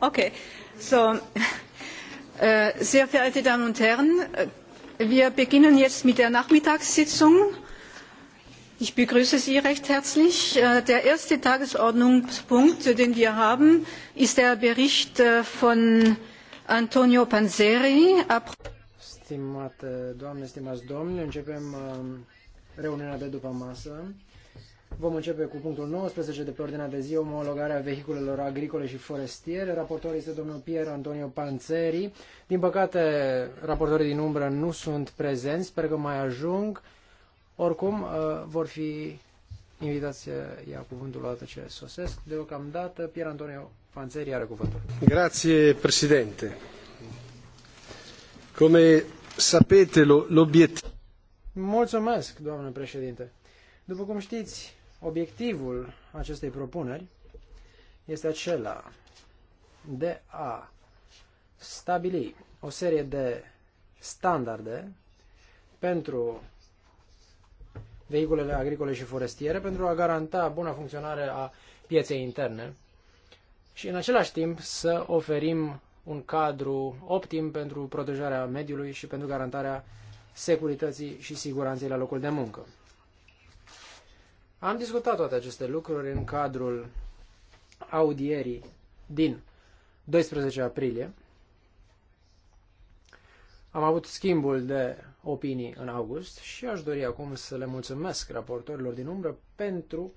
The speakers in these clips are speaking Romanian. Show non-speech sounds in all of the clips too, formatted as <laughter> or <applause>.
Okay. So, <laughs> äh, sehr verehrte Damen und Herren, äh, wir beginnen jetzt mit der Nachmittagssitzung. Ich begrüße Sie recht herzlich. Äh, der erste Tagesordnungspunkt, den wir haben, ist der Bericht äh, von Antonio Panzeri. Stimate doamne, stimați domni, începem um, reuniunea de după masă. Vom începe cu punctul 19 de pe ordinea de zi, omologarea vehiculelor agricole și forestiere. Raportor este domnul Pier Antonio Panzeri. Din păcate, raportorii din umbră nu sunt prezenți, sper că mai ajung. Oricum, uh, vor fi invitați să ia cuvântul la ce sosesc. Deocamdată, Pier Antonio Panzeri are cuvântul. Grazie, președinte. Come sapete, l'obiettivo... Mulțumesc, doamne președinte. După cum știți, Obiectivul acestei propuneri este acela de a stabili o serie de standarde pentru vehiculele agricole și forestiere pentru a garanta buna funcționare a pieței interne și în același timp să oferim un cadru optim pentru protejarea mediului și pentru garantarea securității și siguranței la locul de muncă. Am discutat toate aceste lucruri în cadrul audierii din 12 aprilie. Am avut schimbul de opinii în august și aș dori acum să le mulțumesc raportorilor din umbră pentru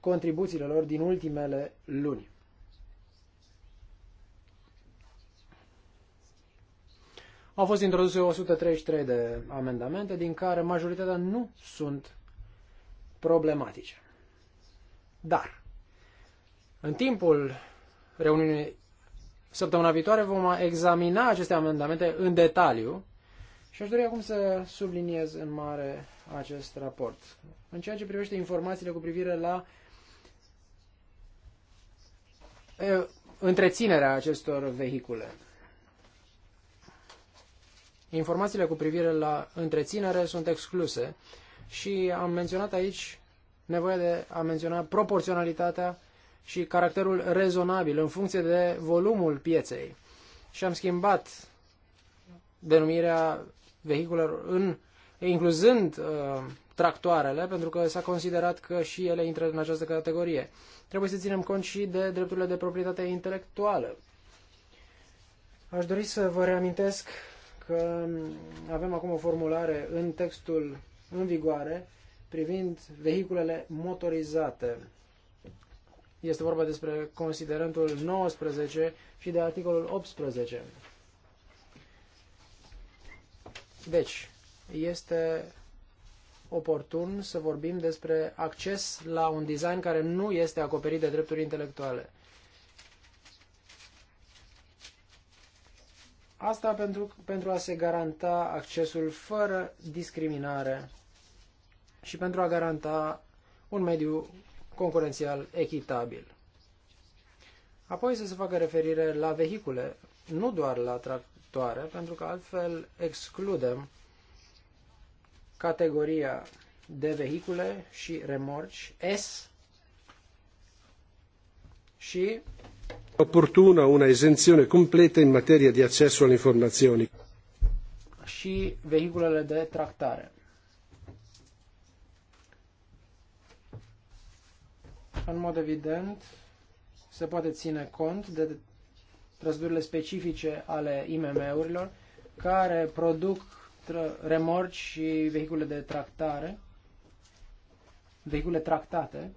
contribuțiile lor din ultimele luni. Au fost introduse 133 de amendamente, din care majoritatea nu sunt problematice. Dar, în timpul reuniunii săptămâna viitoare vom examina aceste amendamente în detaliu și aș dori acum să subliniez în mare acest raport. În ceea ce privește informațiile cu privire la întreținerea acestor vehicule. Informațiile cu privire la întreținere sunt excluse și am menționat aici nevoia de a menționa proporționalitatea și caracterul rezonabil în funcție de volumul pieței. Și am schimbat denumirea vehiculelor în, incluzând uh, tractoarele, pentru că s-a considerat că și ele intră în această categorie. Trebuie să ținem cont și de drepturile de proprietate intelectuală. Aș dori să vă reamintesc că avem acum o formulare în textul în vigoare privind vehiculele motorizate. Este vorba despre considerentul 19 și de articolul 18. Deci, este oportun să vorbim despre acces la un design care nu este acoperit de drepturi intelectuale. Asta pentru, pentru a se garanta accesul fără discriminare și pentru a garanta un mediu concurențial echitabil. Apoi să se facă referire la vehicule, nu doar la tractoare, pentru că altfel excludem categoria de vehicule și remorci S și oportună una esențiune completă în materie de accesul la și vehiculele de tractare. În mod evident, se poate ține cont de trăsăturile specifice ale IMM-urilor care produc remorci și vehicule de tractare, vehicule tractate,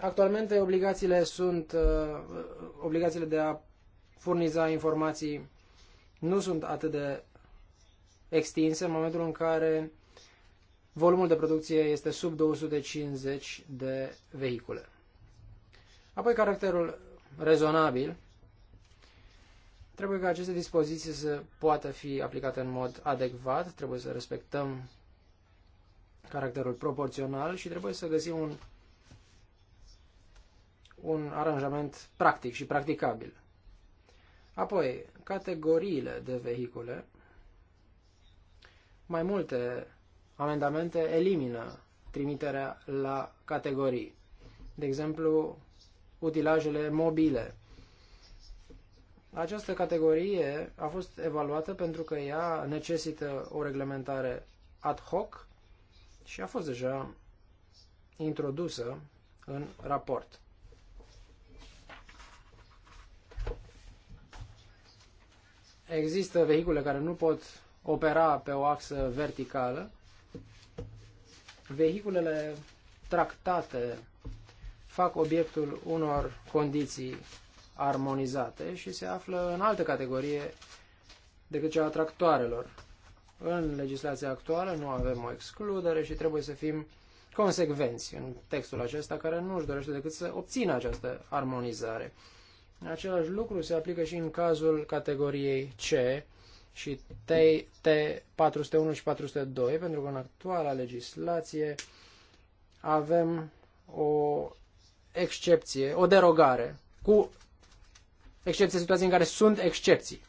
Actualmente obligațiile sunt uh, obligațiile de a furniza informații nu sunt atât de extinse în momentul în care volumul de producție este sub 250 de vehicule. Apoi caracterul rezonabil. Trebuie ca aceste dispoziții să poată fi aplicate în mod adecvat, trebuie să respectăm caracterul proporțional și trebuie să găsim un, un aranjament practic și practicabil. Apoi, categoriile de vehicule. Mai multe amendamente elimină trimiterea la categorii. De exemplu, utilajele mobile. Această categorie a fost evaluată pentru că ea necesită o reglementare ad hoc și a fost deja introdusă în raport. Există vehicule care nu pot opera pe o axă verticală vehiculele tractate fac obiectul unor condiții armonizate și se află în altă categorie decât cea a tractoarelor. În legislația actuală nu avem o excludere și trebuie să fim consecvenți în textul acesta care nu își dorește decât să obțină această armonizare. Același lucru se aplică și în cazul categoriei C, și T401 și 402, pentru că în actuala legislație avem o excepție, o derogare, cu excepție situații în care sunt excepții.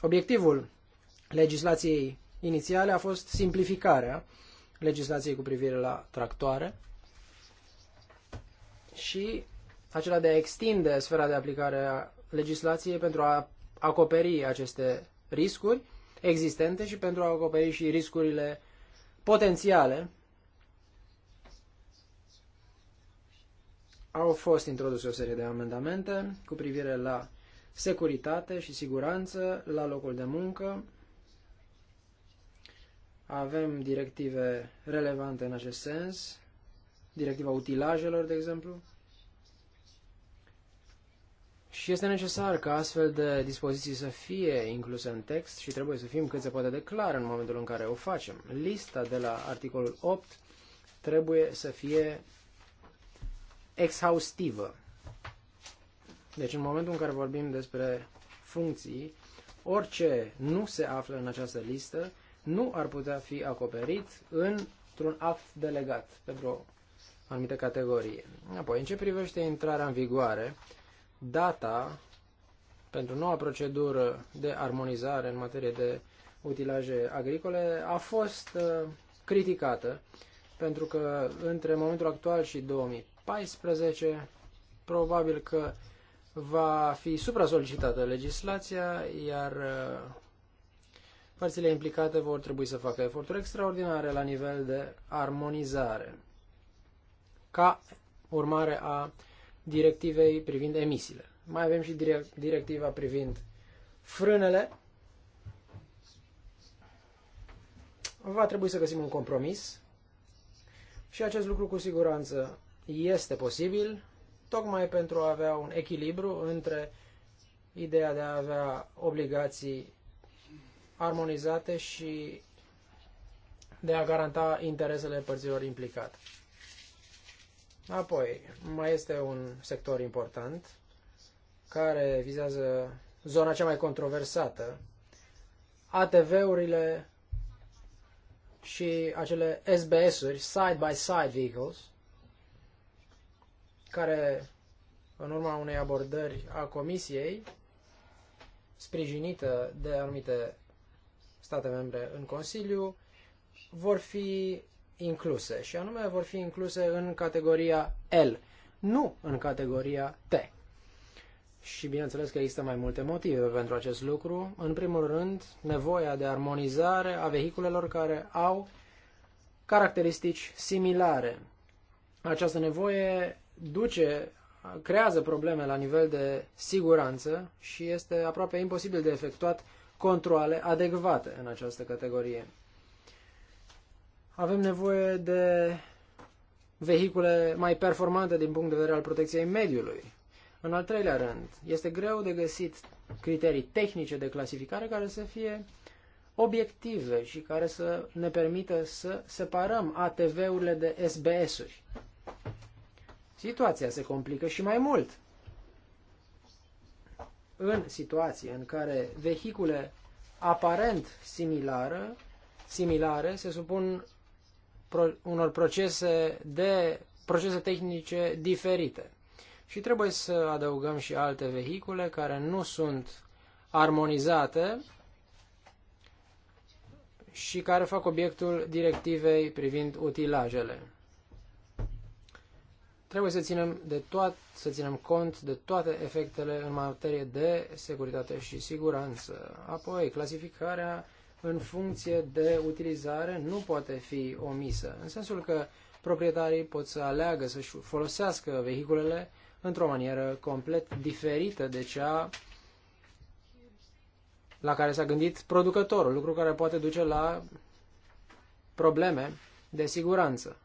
Obiectivul legislației inițiale a fost simplificarea legislației cu privire la tractoare, și acela de a extinde sfera de aplicare a legislației pentru a acoperi aceste riscuri existente și pentru a acoperi și riscurile potențiale au fost introduse o serie de amendamente cu privire la securitate și siguranță la locul de muncă. Avem directive relevante în acest sens, directiva utilajelor, de exemplu. Și este necesar ca astfel de dispoziții să fie incluse în text și trebuie să fim cât se poate de clar în momentul în care o facem. Lista de la articolul 8 trebuie să fie exhaustivă. Deci în momentul în care vorbim despre funcții, orice nu se află în această listă nu ar putea fi acoperit într-un act delegat pentru anumită categorii. Apoi, în ce privește intrarea în vigoare, data pentru noua procedură de armonizare în materie de utilaje agricole a fost uh, criticată pentru că între momentul actual și 2014 probabil că va fi supra-solicitată legislația, iar uh, părțile implicate vor trebui să facă eforturi extraordinare la nivel de armonizare ca urmare a directivei privind emisiile. Mai avem și directiva privind frânele. Va trebui să găsim un compromis și acest lucru cu siguranță este posibil, tocmai pentru a avea un echilibru între ideea de a avea obligații armonizate și de a garanta interesele părților implicate. Apoi, mai este un sector important care vizează zona cea mai controversată, ATV-urile și acele SBS-uri, side-by-side vehicles, care, în urma unei abordări a Comisiei, sprijinită de anumite state membre în Consiliu, vor fi incluse și anume vor fi incluse în categoria L, nu în categoria T. Și bineînțeles că există mai multe motive pentru acest lucru. În primul rând, nevoia de armonizare a vehiculelor care au caracteristici similare. Această nevoie duce, creează probleme la nivel de siguranță și este aproape imposibil de efectuat controle adecvate în această categorie. Avem nevoie de vehicule mai performante din punct de vedere al protecției mediului. În al treilea rând, este greu de găsit criterii tehnice de clasificare care să fie obiective și care să ne permită să separăm ATV-urile de SBS-uri. Situația se complică și mai mult. În situații în care vehicule aparent similară, similare se supun pro, unor procese de procese tehnice diferite. Și trebuie să adăugăm și alte vehicule care nu sunt armonizate și care fac obiectul directivei privind utilajele. Trebuie să ținem, de toat, să ținem cont de toate efectele în materie de securitate și siguranță. Apoi, clasificarea în funcție de utilizare nu poate fi omisă, în sensul că proprietarii pot să aleagă să-și folosească vehiculele într-o manieră complet diferită de cea la care s-a gândit producătorul, lucru care poate duce la probleme de siguranță.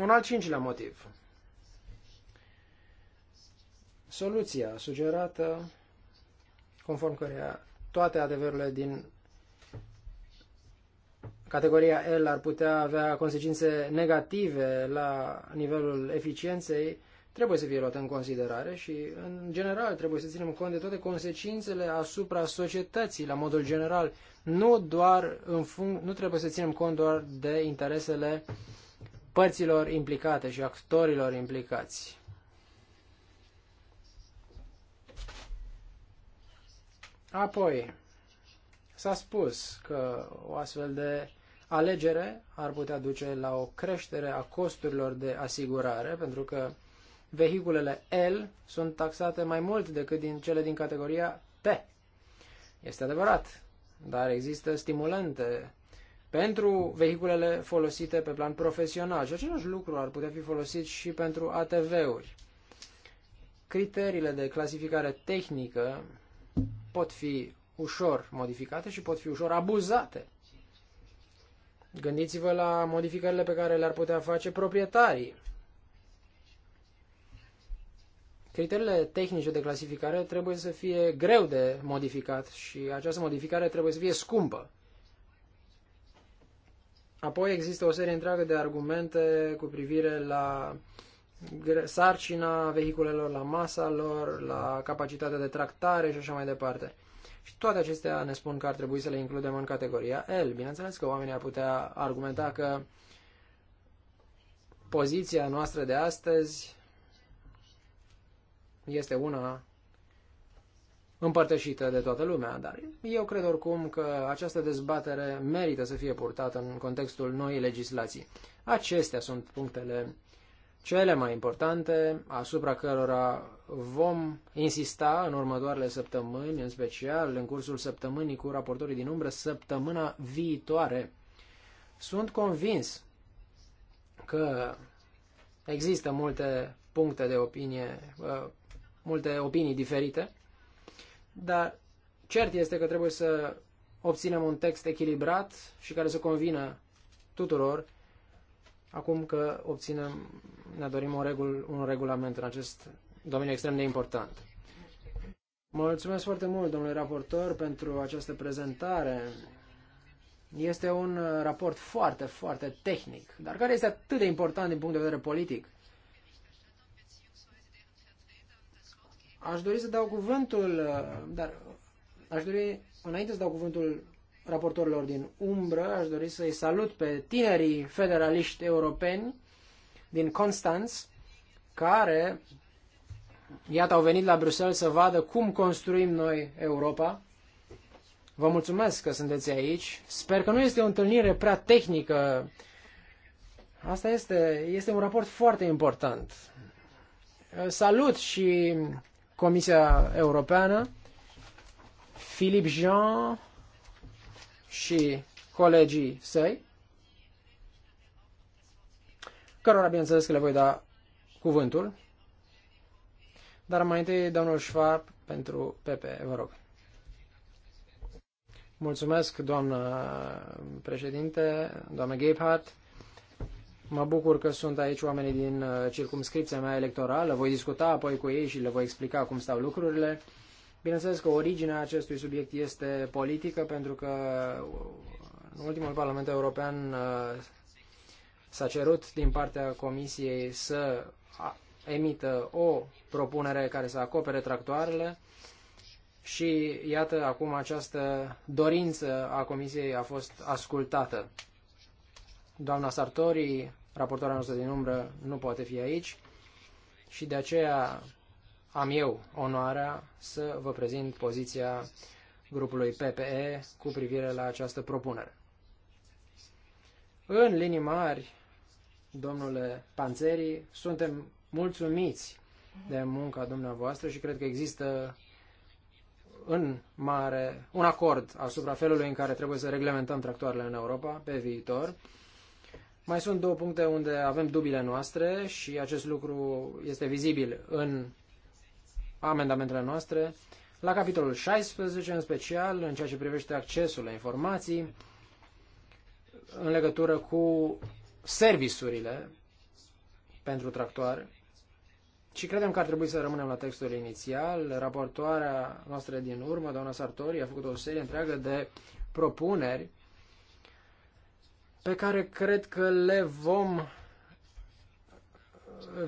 Un al cincilea motiv. Soluția sugerată, conform căreia toate adevărurile din categoria L ar putea avea consecințe negative la nivelul eficienței, trebuie să fie luată în considerare și, în general, trebuie să ținem cont de toate consecințele asupra societății, la modul general. Nu, doar în func- nu trebuie să ținem cont doar de interesele părților implicate și actorilor implicați. Apoi, s-a spus că o astfel de alegere ar putea duce la o creștere a costurilor de asigurare, pentru că vehiculele L sunt taxate mai mult decât din cele din categoria T. Este adevărat, dar există stimulante pentru vehiculele folosite pe plan profesional și același lucru ar putea fi folosit și pentru ATV-uri. Criteriile de clasificare tehnică pot fi ușor modificate și pot fi ușor abuzate. Gândiți-vă la modificările pe care le-ar putea face proprietarii. Criteriile tehnice de clasificare trebuie să fie greu de modificat și această modificare trebuie să fie scumpă. Apoi există o serie întreagă de argumente cu privire la uh, sarcina vehiculelor, la masa lor, la capacitatea de tractare și așa mai departe. Și toate acestea ne spun că ar trebui să le includem în categoria L. Bineînțeles că oamenii ar putea argumenta că poziția noastră de astăzi este una împărtășită de toată lumea, dar eu cred oricum că această dezbatere merită să fie purtată în contextul noii legislații. Acestea sunt punctele cele mai importante asupra cărora vom insista în următoarele săptămâni, în special în cursul săptămânii cu raportorii din umbră, săptămâna viitoare. Sunt convins că există multe puncte de opinie, uh, multe opinii diferite, dar cert este că trebuie să obținem un text echilibrat și care să convină tuturor acum că obținem, ne dorim un, regul, un regulament în acest domeniu extrem de important. Mulțumesc foarte mult, domnule raportor, pentru această prezentare. Este un uh, raport foarte, foarte tehnic, dar care este atât de important din punct de vedere politic. Aș dori să dau cuvântul, uh, dar aș dori, înainte să dau cuvântul raportorilor din umbră. Aș dori să-i salut pe tinerii federaliști europeni din Constanț, care, iată, au venit la Bruxelles să vadă cum construim noi Europa. Vă mulțumesc că sunteți aici. Sper că nu este o întâlnire prea tehnică. Asta este, este un raport foarte important. Salut și Comisia Europeană. Philippe Jean, și colegii săi, cărora, bineînțeles, că le voi da cuvântul. Dar mai întâi, domnul Schwab, pentru Pepe, vă rog. Mulțumesc, doamnă președinte, doamnă Gebhardt. Mă bucur că sunt aici oamenii din uh, circumscripția mea electorală. Voi discuta apoi cu ei și le voi explica cum stau lucrurile. Bineînțeles că originea acestui subiect este politică, pentru că în ultimul Parlament European uh, s-a cerut din partea Comisiei să emită o propunere care să acopere tractoarele și iată acum această dorință a Comisiei a fost ascultată. Doamna Sartori, raportoarea noastră din umbră, nu poate fi aici și de aceea am eu onoarea să vă prezint poziția grupului PPE cu privire la această propunere. În linii mari, domnule Panțeri, suntem mulțumiți de munca dumneavoastră și cred că există în mare un acord asupra felului în care trebuie să reglementăm tractoarele în Europa pe viitor. Mai sunt două puncte unde avem dubile noastre și acest lucru este vizibil în amendamentele noastre la capitolul 16, în special în ceea ce privește accesul la informații în legătură cu serviciurile pentru tractoare. Și credem că ar trebui să rămânem la textul inițial. Raportoarea noastră din urmă, doamna Sartori, a făcut o serie întreagă de propuneri pe care cred că le vom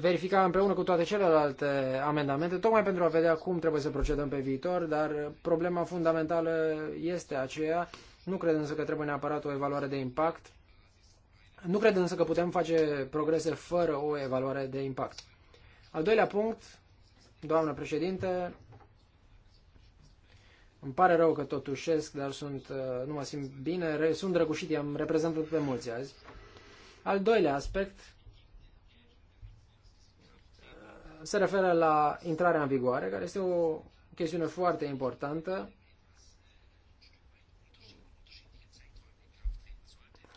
verifica împreună cu toate celelalte amendamente, tocmai pentru a vedea cum trebuie să procedăm pe viitor, dar problema fundamentală este aceea. Nu cred însă că trebuie neapărat o evaluare de impact. Nu cred însă că putem face progrese fără o evaluare de impact. Al doilea punct, doamnă președinte, îmi pare rău că tot ușesc, dar sunt, uh, nu mă simt bine, sunt drăgușit, i-am reprezentat pe mulți azi. Al doilea aspect, se referă la intrarea în vigoare, care este o chestiune foarte importantă.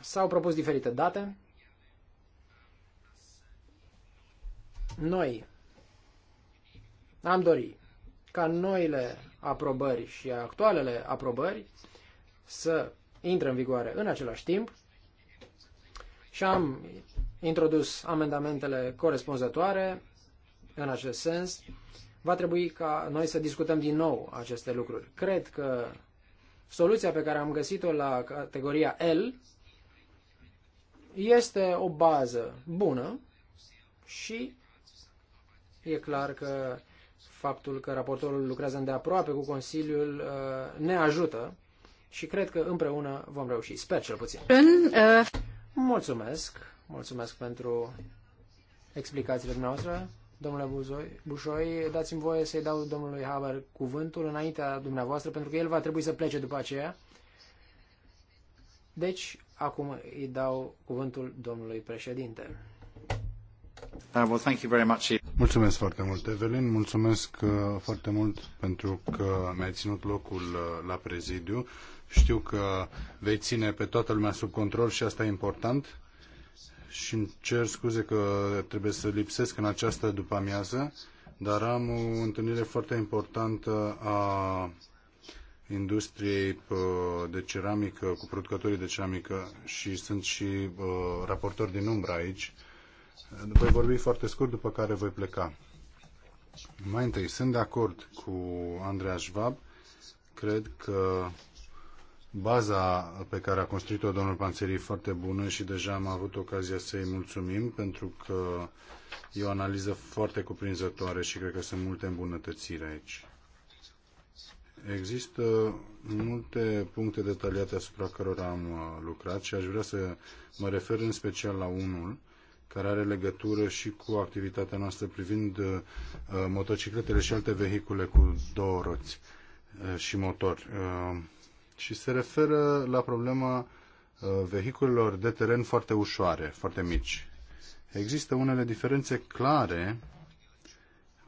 S-au propus diferite date. Noi am dorit ca noile aprobări și actualele aprobări să intre în vigoare în același timp și am introdus amendamentele corespunzătoare în acest sens, va trebui ca noi să discutăm din nou aceste lucruri. Cred că soluția pe care am găsit-o la categoria L este o bază bună și e clar că faptul că raportorul lucrează îndeaproape cu Consiliul uh, ne ajută și cred că împreună vom reuși. Sper cel puțin. Uh, Mulțumesc. Mulțumesc pentru explicațiile dumneavoastră domnule Buzoi, Bușoi, dați-mi voie să-i dau domnului Haber cuvântul înaintea dumneavoastră, pentru că el va trebui să plece după aceea. Deci, acum îi dau cuvântul domnului președinte. Uh, Mulțumesc foarte mult, Evelyn. Mulțumesc uh, foarte mult pentru că mi-ai ținut locul uh, la prezidiu. Știu că vei ține pe toată lumea sub control și asta e important și îmi cer scuze că trebuie să lipsesc în această după-amiază, dar am o întâlnire foarte importantă a industriei uh, de ceramică, cu producătorii de ceramică și sunt și uh, raportori raportor din umbră aici. Voi vorbi foarte scurt, după care voi pleca. Mai întâi, sunt de acord cu Andreea Schwab. Cred că baza pe care a construit-o domnul Panțerii foarte bună și deja am avut ocazia să-i mulțumim pentru că e o analiză foarte cuprinzătoare și cred că sunt multe îmbunătățiri aici. Există multe puncte detaliate asupra cărora am uh, lucrat și aș vrea să mă refer în special la unul care are legătură și cu activitatea noastră privind uh, uh, motocicletele și alte vehicule cu două roți și motor și se referă la problema uh, vehiculelor de teren foarte ușoare, foarte mici. Există unele diferențe clare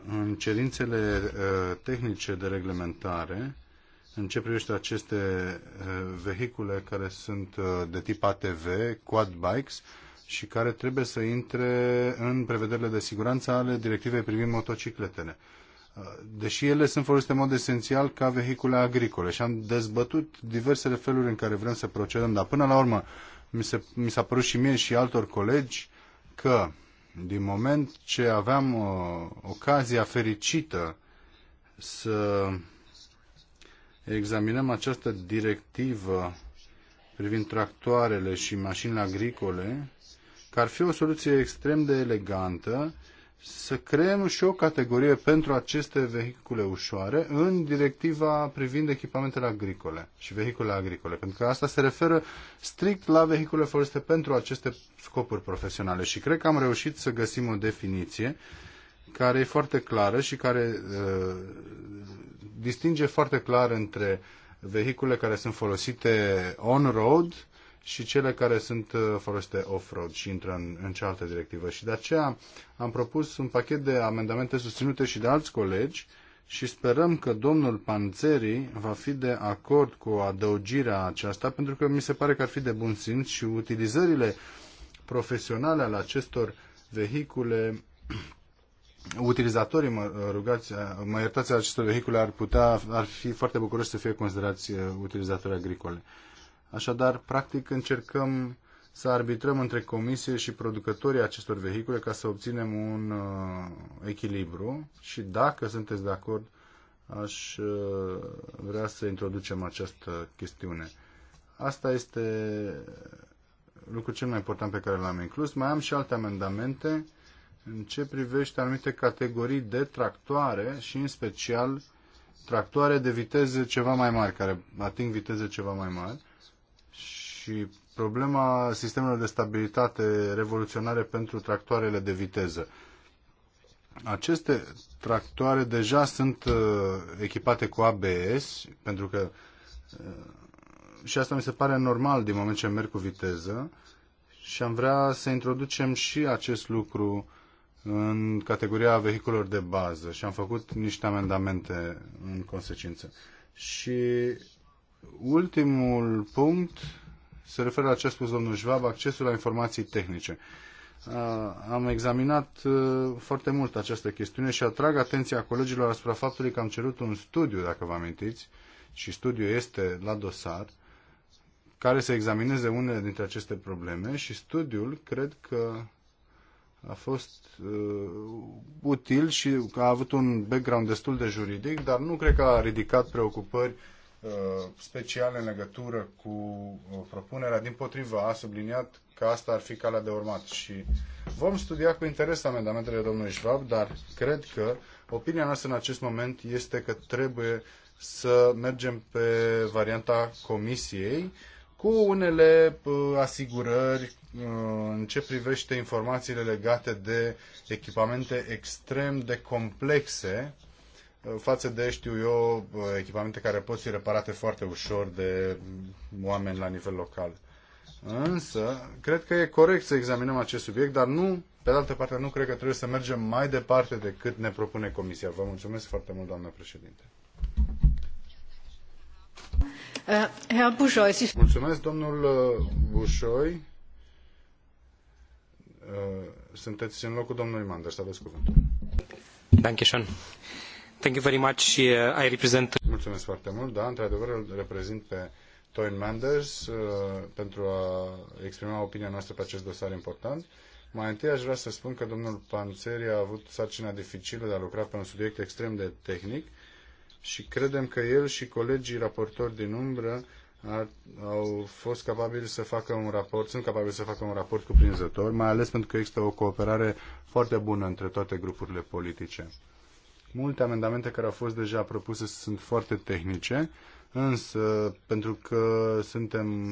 în cerințele uh, tehnice de reglementare în ce privește aceste uh, vehicule care sunt de tip ATV, quad bikes, și care trebuie să intre în prevederile de siguranță ale directivei privind motocicletele deși ele sunt folosite în mod esențial ca vehicule agricole și am dezbătut diversele feluri în care vrem să procedăm, dar până la urmă mi, se, mi s-a părut și mie și altor colegi că din moment ce aveam uh, ocazia fericită să examinăm această directivă privind tractoarele și mașinile agricole, că ar fi o soluție extrem de elegantă să creăm și o categorie pentru aceste vehicule ușoare în directiva privind echipamentele agricole și vehiculele agricole, pentru că asta se referă strict la vehicule folosite pentru aceste scopuri profesionale și cred că am reușit să găsim o definiție care e foarte clară și care uh, distinge foarte clar între vehicule care sunt folosite on-road și cele care sunt uh, folosite off-road și intră în, în cealaltă directivă. Și de aceea am propus un pachet de amendamente susținute și de alți colegi și sperăm că domnul Panțeri va fi de acord cu adăugirea aceasta, pentru că mi se pare că ar fi de bun simț și utilizările profesionale ale acestor vehicule <clears throat> utilizatorii, mă, rugați, mă iertați, acestor vehicule ar putea, ar fi foarte bucuroși să fie considerați uh, utilizatori agricole. Așadar, practic încercăm să arbitrăm între comisie și producătorii acestor vehicule ca să obținem un uh, echilibru și dacă sunteți de acord, aș uh, vrea să introducem această chestiune. Asta este lucrul cel mai important pe care l-am inclus. Mai am și alte amendamente în ce privește anumite categorii de tractoare și în special tractoare de viteze ceva mai mari, care ating viteze ceva mai mari și problema sistemelor de stabilitate revoluționare pentru tractoarele de viteză. Aceste tractoare deja sunt uh, echipate cu ABS, pentru că uh, și asta mi se pare normal din moment ce merg cu viteză și am vrea să introducem și acest lucru în categoria vehiculelor de bază și am făcut niște amendamente în consecință. Și ultimul punct se referă la ce a spus domnul Schwab, accesul la informații tehnice. Am examinat uh, foarte mult această chestiune și atrag atenția colegilor asupra faptului că am cerut un studiu, dacă vă amintiți, și studiul este la dosar, care să examineze unele dintre aceste probleme și studiul cred că a fost uh, util și a avut un background destul de juridic, dar nu cred că a ridicat preocupări Uh, speciale în legătură cu uh, propunerea. Din potrivă, a subliniat că asta ar fi calea de urmat și vom studia cu interes amendamentele domnului Schwab, dar cred că opinia noastră în acest moment este că trebuie să mergem pe varianta comisiei cu unele uh, asigurări în ce privește informațiile legate de echipamente extrem de complexe față de, știu eu, echipamente care pot fi reparate foarte ușor de oameni la nivel local. Însă, cred că e corect să examinăm acest subiect, dar nu, pe de altă parte, nu cred că trebuie să mergem mai departe decât ne propune Comisia. Vă mulțumesc foarte mult, doamnă președinte. Uh, mulțumesc, domnul uh, Bușoi. Uh, sunteți în locul domnului Manders, aveți cuvântul. Dankeschön. Thank you very much. Uh, I represent... Mulțumesc foarte mult. Da, într-adevăr îl reprezint pe Toyn Manders uh, pentru a exprima opinia noastră pe acest dosar important. Mai întâi aș vrea să spun că domnul Panțeri a avut sarcina dificilă de a lucra pe un subiect extrem de tehnic și credem că el și colegii raportori din umbră ar, au fost capabili să facă un raport, sunt capabili să facă un raport cuprinzător, mai ales pentru că există o cooperare foarte bună între toate grupurile politice. Multe amendamente care au fost deja propuse sunt foarte tehnice, însă pentru că suntem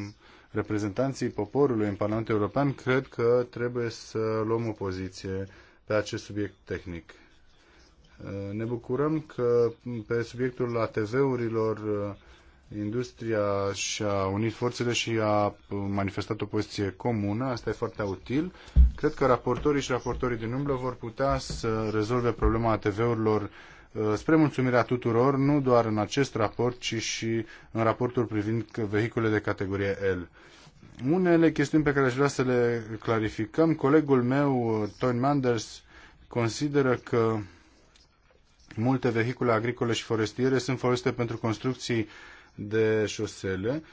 reprezentanții poporului în Parlamentul European, cred că trebuie să luăm o poziție pe acest subiect tehnic. Ne bucurăm că pe subiectul ATV-urilor Industria și-a unit forțele și a manifestat o poziție comună, asta e foarte util. Cred că raportorii și raportorii din umblă vor putea să rezolve problema ATV-urilor uh, spre mulțumirea tuturor, nu doar în acest raport, ci și în raportul privind vehicule de categorie L. Unele chestiuni pe care aș vrea să le clarificăm, colegul meu, Tony Manders, consideră că multe vehicule agricole și forestiere sunt folosite pentru construcții de șosele,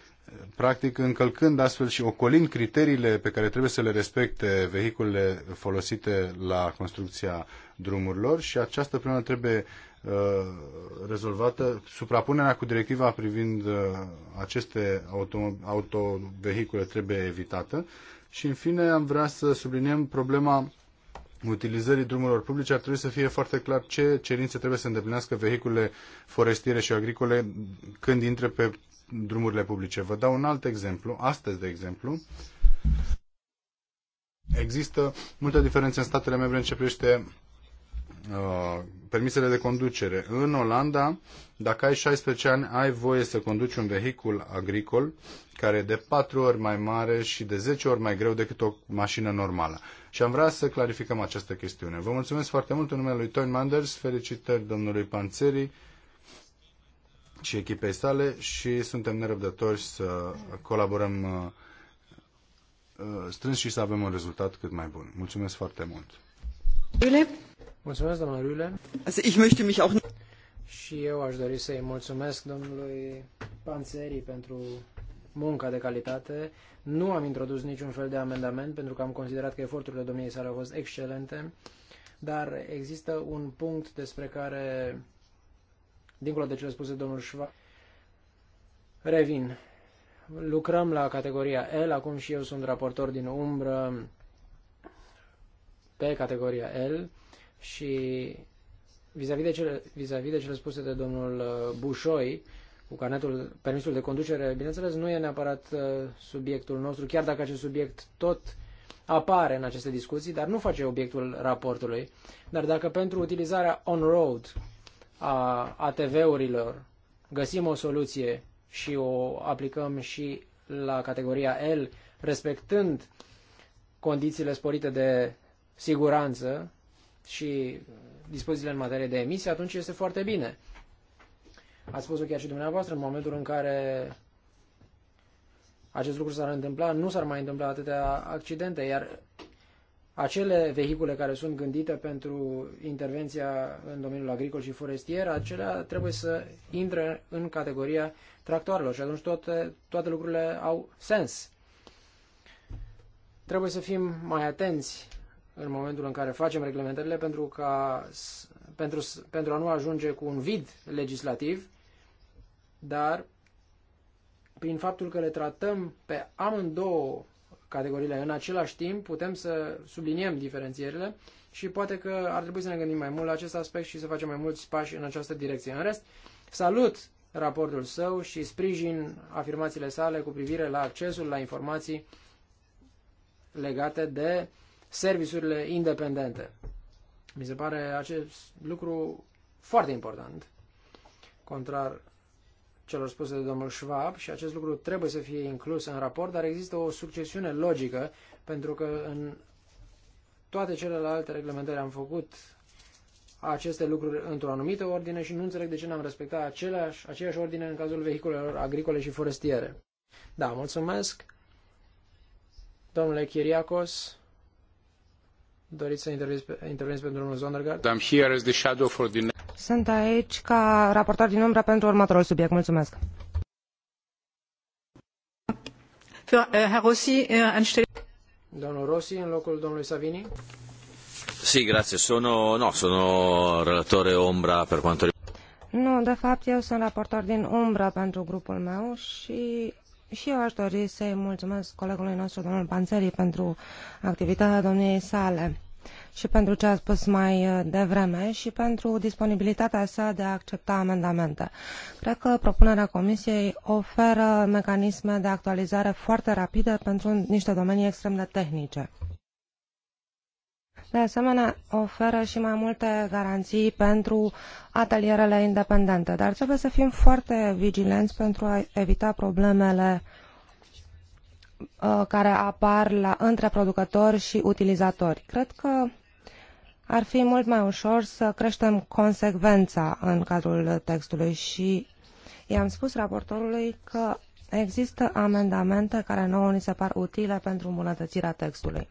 practic încălcând astfel și ocolind criteriile pe care trebuie să le respecte vehiculele folosite la construcția drumurilor și această problemă trebuie uh, rezolvată suprapunerea cu directiva privind uh, aceste auto, autovehicule trebuie evitată și în fine am vrea să subliniem problema utilizării drumurilor publice ar trebui să fie foarte clar ce cerințe trebuie să îndeplinească vehiculele forestiere și agricole când intre pe drumurile publice. Vă dau un alt exemplu. Astăzi, de exemplu, există multe diferențe în statele membre în ce privește uh, permisele de conducere. În Olanda, dacă ai 16 ani, ai voie să conduci un vehicul agricol care e de 4 ori mai mare și de 10 ori mai greu decât o mașină normală și am vrea să clarificăm această chestiune. Vă mulțumesc foarte mult în numele lui Tony Manders, felicitări domnului Panțeri și echipei sale și suntem nerăbdători să colaborăm uh, uh, strâns și să avem un rezultat cât mai bun. Mulțumesc foarte mult! Rüle. Mulțumesc, doamna Rüle. Also ich möchte mich auch... Și eu aș dori să-i mulțumesc domnului Panțeri pentru munca de calitate nu am introdus niciun fel de amendament pentru că am considerat că eforturile domniei sale au fost excelente, dar există un punct despre care, dincolo de cele spuse domnul Șva, revin. Lucrăm la categoria L, acum și eu sunt raportor din umbră pe categoria L și vis-a-vis -vis de, cele, vis, -vis de cele spuse de domnul uh, Bușoi, cu carnetul, permisul de conducere, bineînțeles, nu e neapărat uh, subiectul nostru, chiar dacă acest subiect tot apare în aceste discuții, dar nu face obiectul raportului. Dar dacă pentru utilizarea on-road a ATV-urilor găsim o soluție și o aplicăm și la categoria L, respectând condițiile sporite de siguranță și dispozițiile în materie de emisie, atunci este foarte bine. A spus-o chiar și dumneavoastră, în momentul în care acest lucru s-ar întâmpla, nu s-ar mai întâmpla atâtea accidente, iar acele vehicule care sunt gândite pentru intervenția în domeniul agricol și forestier, acelea trebuie să intre în categoria tractoarelor și atunci toate, toate lucrurile au sens. Trebuie să fim mai atenți în momentul în care facem reglementările pentru ca pentru, pentru a nu ajunge cu un vid legislativ, dar prin faptul că le tratăm pe amândouă categoriile în același timp, putem să subliniem diferențierile și poate că ar trebui să ne gândim mai mult la acest aspect și să facem mai mulți pași în această direcție. În rest, salut raportul său și sprijin afirmațiile sale cu privire la accesul la informații legate de serviciurile independente. Mi se pare acest lucru foarte important, contrar celor spuse de domnul Schwab și acest lucru trebuie să fie inclus în raport, dar există o succesiune logică pentru că în toate celelalte reglementări am făcut aceste lucruri într-o anumită ordine și nu înțeleg de ce n-am respectat aceleași, aceeași ordine în cazul vehiculelor agricole și forestiere. Da, mulțumesc. Domnule Chiriacos, Doriți să interveniți pentru domnul Zondergaard? I'm here as the shadow for the... Sunt aici ca raportor din umbra pentru următorul subiect. Mulțumesc. Äh, äh, domnul Rossi, în locul domnului Savini. Sì, grazie. Sono, no, sono relatore ombra per quanto riguarda... Nu, de fapt eu sunt raportor din umbra pentru grupul meu și și eu aș dori să-i mulțumesc colegului nostru, domnul Panțării, pentru activitatea domniei sale și pentru ce a spus mai devreme și pentru disponibilitatea sa de a accepta amendamente. Cred că propunerea Comisiei oferă mecanisme de actualizare foarte rapide pentru niște domenii extrem de tehnice. De asemenea, oferă și mai multe garanții pentru atelierele independente, dar trebuie să fim foarte vigilenți pentru a evita problemele uh, care apar la, între producători și utilizatori. Cred că ar fi mult mai ușor să creștem consecvența în cadrul textului și i-am spus raportorului că există amendamente care nouă ni se par utile pentru îmbunătățirea textului.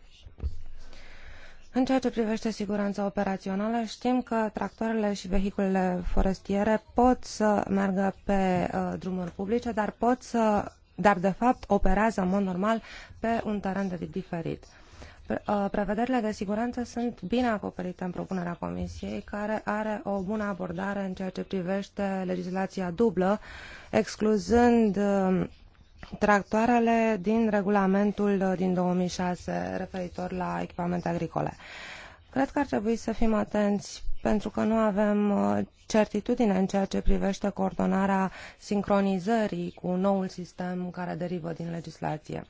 În ceea ce privește siguranța operațională, știm că tractoarele și vehiculele forestiere pot să meargă pe uh, drumuri publice, dar pot să dar de fapt operează în mod normal pe un teren de tip diferit. Pre uh, prevederile de siguranță sunt bine acoperite în propunerea Comisiei, care are o bună abordare în ceea ce privește legislația dublă, excluzând uh, tractoarele din regulamentul uh, din 2006 referitor la echipamente agricole. Cred că ar trebui să fim atenți pentru că nu avem uh, certitudine în ceea ce privește coordonarea sincronizării cu noul sistem care derivă din legislație.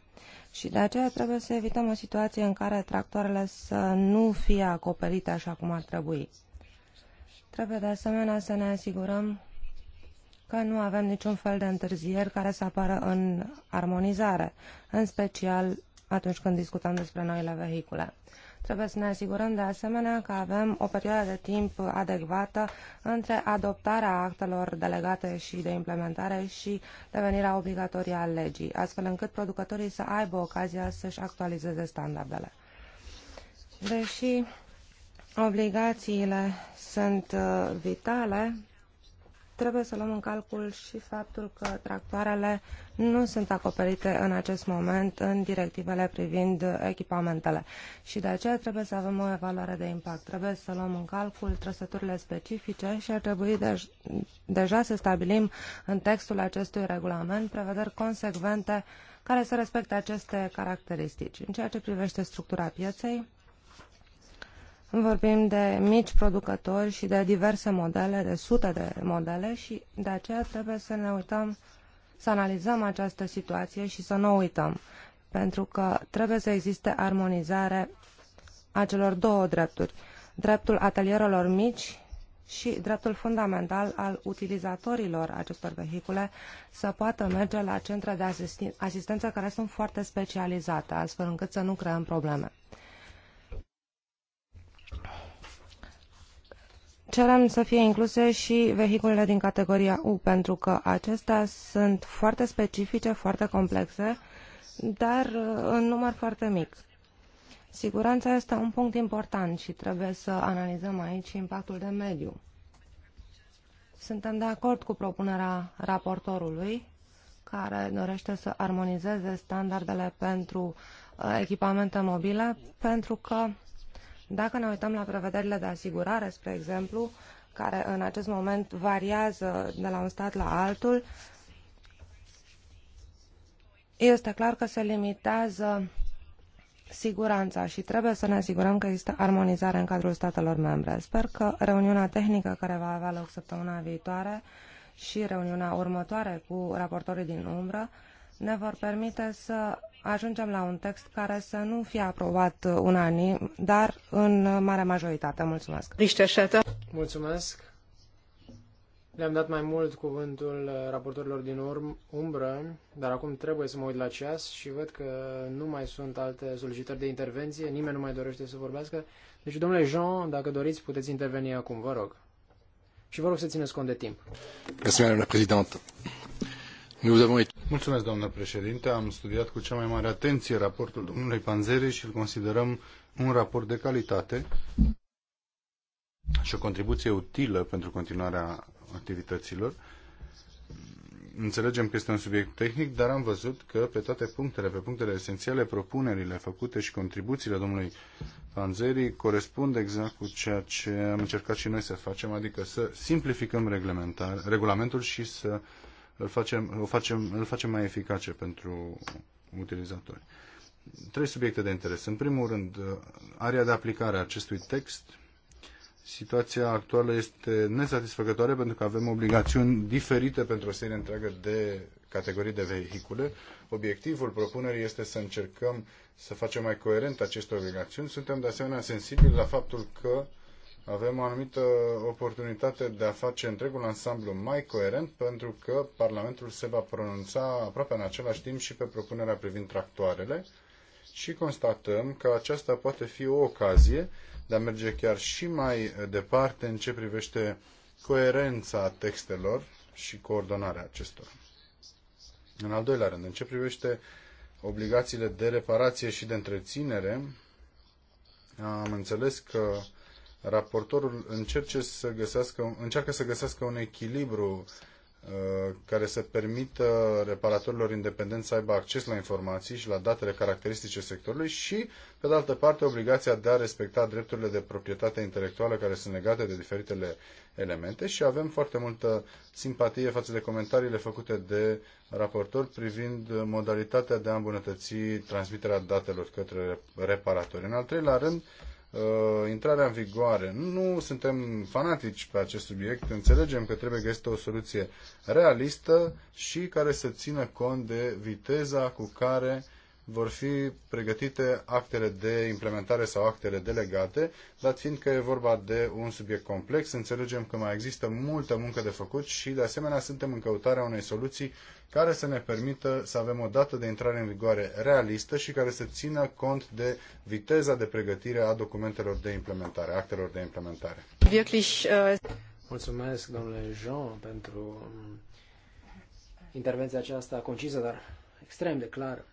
Și de aceea trebuie să evităm o situație în care tractoarele să nu fie acoperite așa cum ar trebui. Trebuie de asemenea să ne asigurăm că nu avem niciun fel de întârzieri care să apară în armonizare, în special atunci când discutăm despre noile vehicule. Trebuie să ne asigurăm de asemenea că avem o perioadă de timp adecvată între adoptarea actelor delegate și de implementare și devenirea obligatorie a legii, astfel încât producătorii să aibă ocazia să-și actualizeze standardele. Deși obligațiile sunt uh, vitale, trebuie să luăm în calcul și faptul că tractoarele nu sunt acoperite în acest moment în directivele privind echipamentele și de aceea trebuie să avem o evaluare de impact. Trebuie să luăm în calcul trăsăturile specifice și ar trebui de- deja să stabilim în textul acestui regulament prevederi consecvente care să respecte aceste caracteristici. În ceea ce privește structura pieței, Vorbim de mici producători și de diverse modele, de sute de modele și de aceea trebuie să ne uităm, să analizăm această situație și să nu uităm, pentru că trebuie să existe armonizare a celor două drepturi, dreptul atelierelor mici și dreptul fundamental al utilizatorilor acestor vehicule să poată merge la centre de asistență care sunt foarte specializate, astfel încât să nu creăm probleme. cerem să fie incluse și vehiculele din categoria U, pentru că acestea sunt foarte specifice, foarte complexe, dar uh, în număr foarte mic. Siguranța este un punct important și trebuie să analizăm aici impactul de mediu. Suntem de acord cu propunerea raportorului, care dorește să armonizeze standardele pentru uh, echipamente mobile, pentru că dacă ne uităm la prevederile de asigurare, spre exemplu, care în acest moment variază de la un stat la altul, este clar că se limitează siguranța și trebuie să ne asigurăm că există armonizare în cadrul statelor membre. Sper că reuniunea tehnică care va avea loc săptămâna viitoare și reuniunea următoare cu raportorii din umbră ne vor permite să ajungem la un text care să nu fie aprobat unanim, dar în mare majoritate. Mulțumesc. Mulțumesc. Le-am dat mai mult cuvântul raportorilor din urm, umbră, dar acum trebuie să mă uit la ceas și văd că nu mai sunt alte solicitări de intervenție, nimeni nu mai dorește să vorbească. Deci, domnule Jean, dacă doriți, puteți interveni acum, vă rog. Și vă rog să țineți cont de timp. Mulțumesc, doamna președintă. Mulțumesc, președinte. Am studiat cu cea mai mare atenție raportul domnului Panzeri și îl considerăm un raport de calitate și o contribuție utilă pentru continuarea activităților. Înțelegem că este un subiect tehnic, dar am văzut că pe toate punctele, pe punctele esențiale, propunerile făcute și contribuțiile domnului Panzeri corespund exact cu ceea ce am încercat și noi să facem, adică să simplificăm regulamentul și să îl facem, o facem, îl facem mai eficace pentru utilizatori. Trei subiecte de interes. În primul rând, area de aplicare a acestui text. Situația actuală este nesatisfăcătoare pentru că avem obligațiuni diferite pentru o serie întreagă de categorii de vehicule. Obiectivul propunerii este să încercăm să facem mai coerent aceste obligațiuni. Suntem de asemenea sensibili la faptul că avem o anumită oportunitate de a face întregul ansamblu mai coerent pentru că Parlamentul se va pronunța aproape în același timp și pe propunerea privind tractoarele și constatăm că aceasta poate fi o ocazie de a merge chiar și mai departe în ce privește coerența textelor și coordonarea acestora. În al doilea rând, în ce privește obligațiile de reparație și de întreținere, am înțeles că raportorul încerce să găsească, încearcă să găsească un echilibru uh, care să permită reparatorilor independenți să aibă acces la informații și la datele caracteristice sectorului și, pe de altă parte, obligația de a respecta drepturile de proprietate intelectuală care sunt legate de diferitele elemente și avem foarte multă simpatie față de comentariile făcute de raportor privind modalitatea de a îmbunătăți transmiterea datelor către reparatori. În al treilea rând, uh, intrarea în vigoare. Nu suntem fanatici pe acest subiect, înțelegem că trebuie găsită o soluție realistă și care să țină cont de viteza cu care uh, vor fi pregătite actele de implementare sau actele delegate, dat fiind că e vorba de un subiect complex, înțelegem că mai există multă muncă de făcut și, de asemenea, suntem în căutarea unei soluții care să ne permită să avem o dată de intrare în vigoare realistă și care să țină cont de viteza de pregătire a documentelor de implementare, actelor de implementare. Uh, Mulțumesc, domnule Jean, pentru um, intervenția aceasta concisă, dar extrem de clară.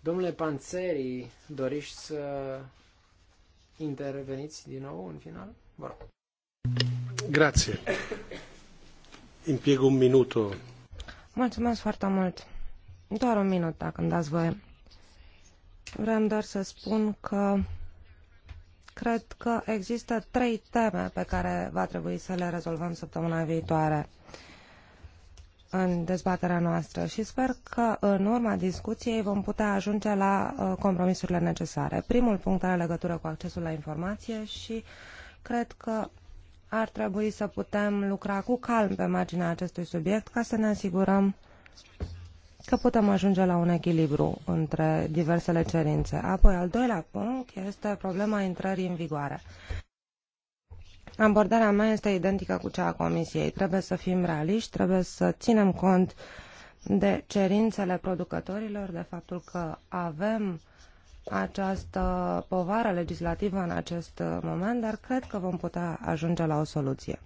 Domnule Panțeri, doriți să interveniți din nou în final? Vă rog. Grazie. Impieg un minut. Mulțumesc foarte mult. Doar un minut, dacă îmi dați voie. Vreau doar să spun că cred că există trei teme pe care va trebui să le rezolvăm săptămâna viitoare. Uh, în dezbaterea noastră și sper că în urma discuției vom putea ajunge la uh, compromisurile necesare. Primul punct are legătură cu accesul la informație și cred că ar trebui să putem lucra cu calm pe marginea acestui subiect ca să ne asigurăm că putem ajunge la un echilibru între diversele cerințe. Apoi, al doilea punct este problema intrării în vigoare. Abordarea mea este identică cu cea a Comisiei. Trebuie să fim realiști, trebuie să ținem cont de cerințele producătorilor, de faptul că avem această povară legislativă în acest moment, dar cred că vom putea ajunge la o soluție.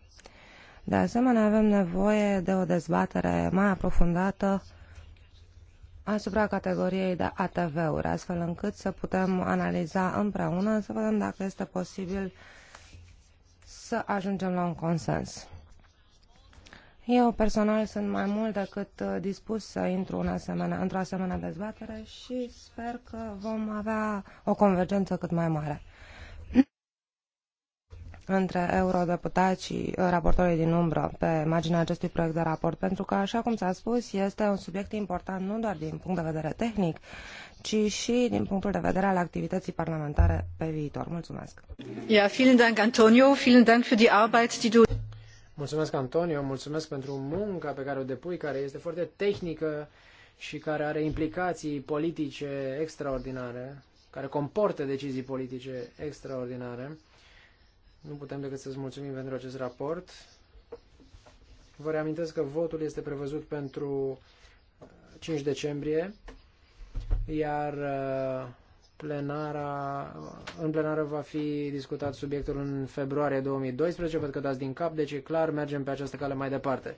De asemenea, avem nevoie de o dezbatere mai aprofundată asupra categoriei de ATV-uri, astfel încât să putem analiza împreună, să vedem dacă este posibil uh, să ajungem la un consens. Eu personal sunt mai mult decât uh, dispus să intru în asemenea, într-o asemenea dezbatere și sper că vom avea o convergență cât mai mare <clears throat> între eurodeputați și uh, raportorii din umbră pe marginea acestui proiect de raport, pentru că, așa cum s-a spus, este un subiect important nu doar din punct de vedere tehnic, ci și din punctul de vedere al activității parlamentare pe viitor. Mulțumesc! Ja, vielen Dank, Antonio. Vielen Dank für die Arbeit, die du... Mulțumesc, Antonio. Mulțumesc pentru munca pe care o depui, care este foarte tehnică și care are implicații politice extraordinare, care comportă decizii politice extraordinare. Nu putem decât să-ți mulțumim pentru acest raport. Vă reamintesc că votul este prevăzut pentru 5 decembrie iar uh, plenara, în plenară va fi discutat subiectul în februarie 2012, pentru că dați din cap, deci e clar, mergem pe această cale mai departe.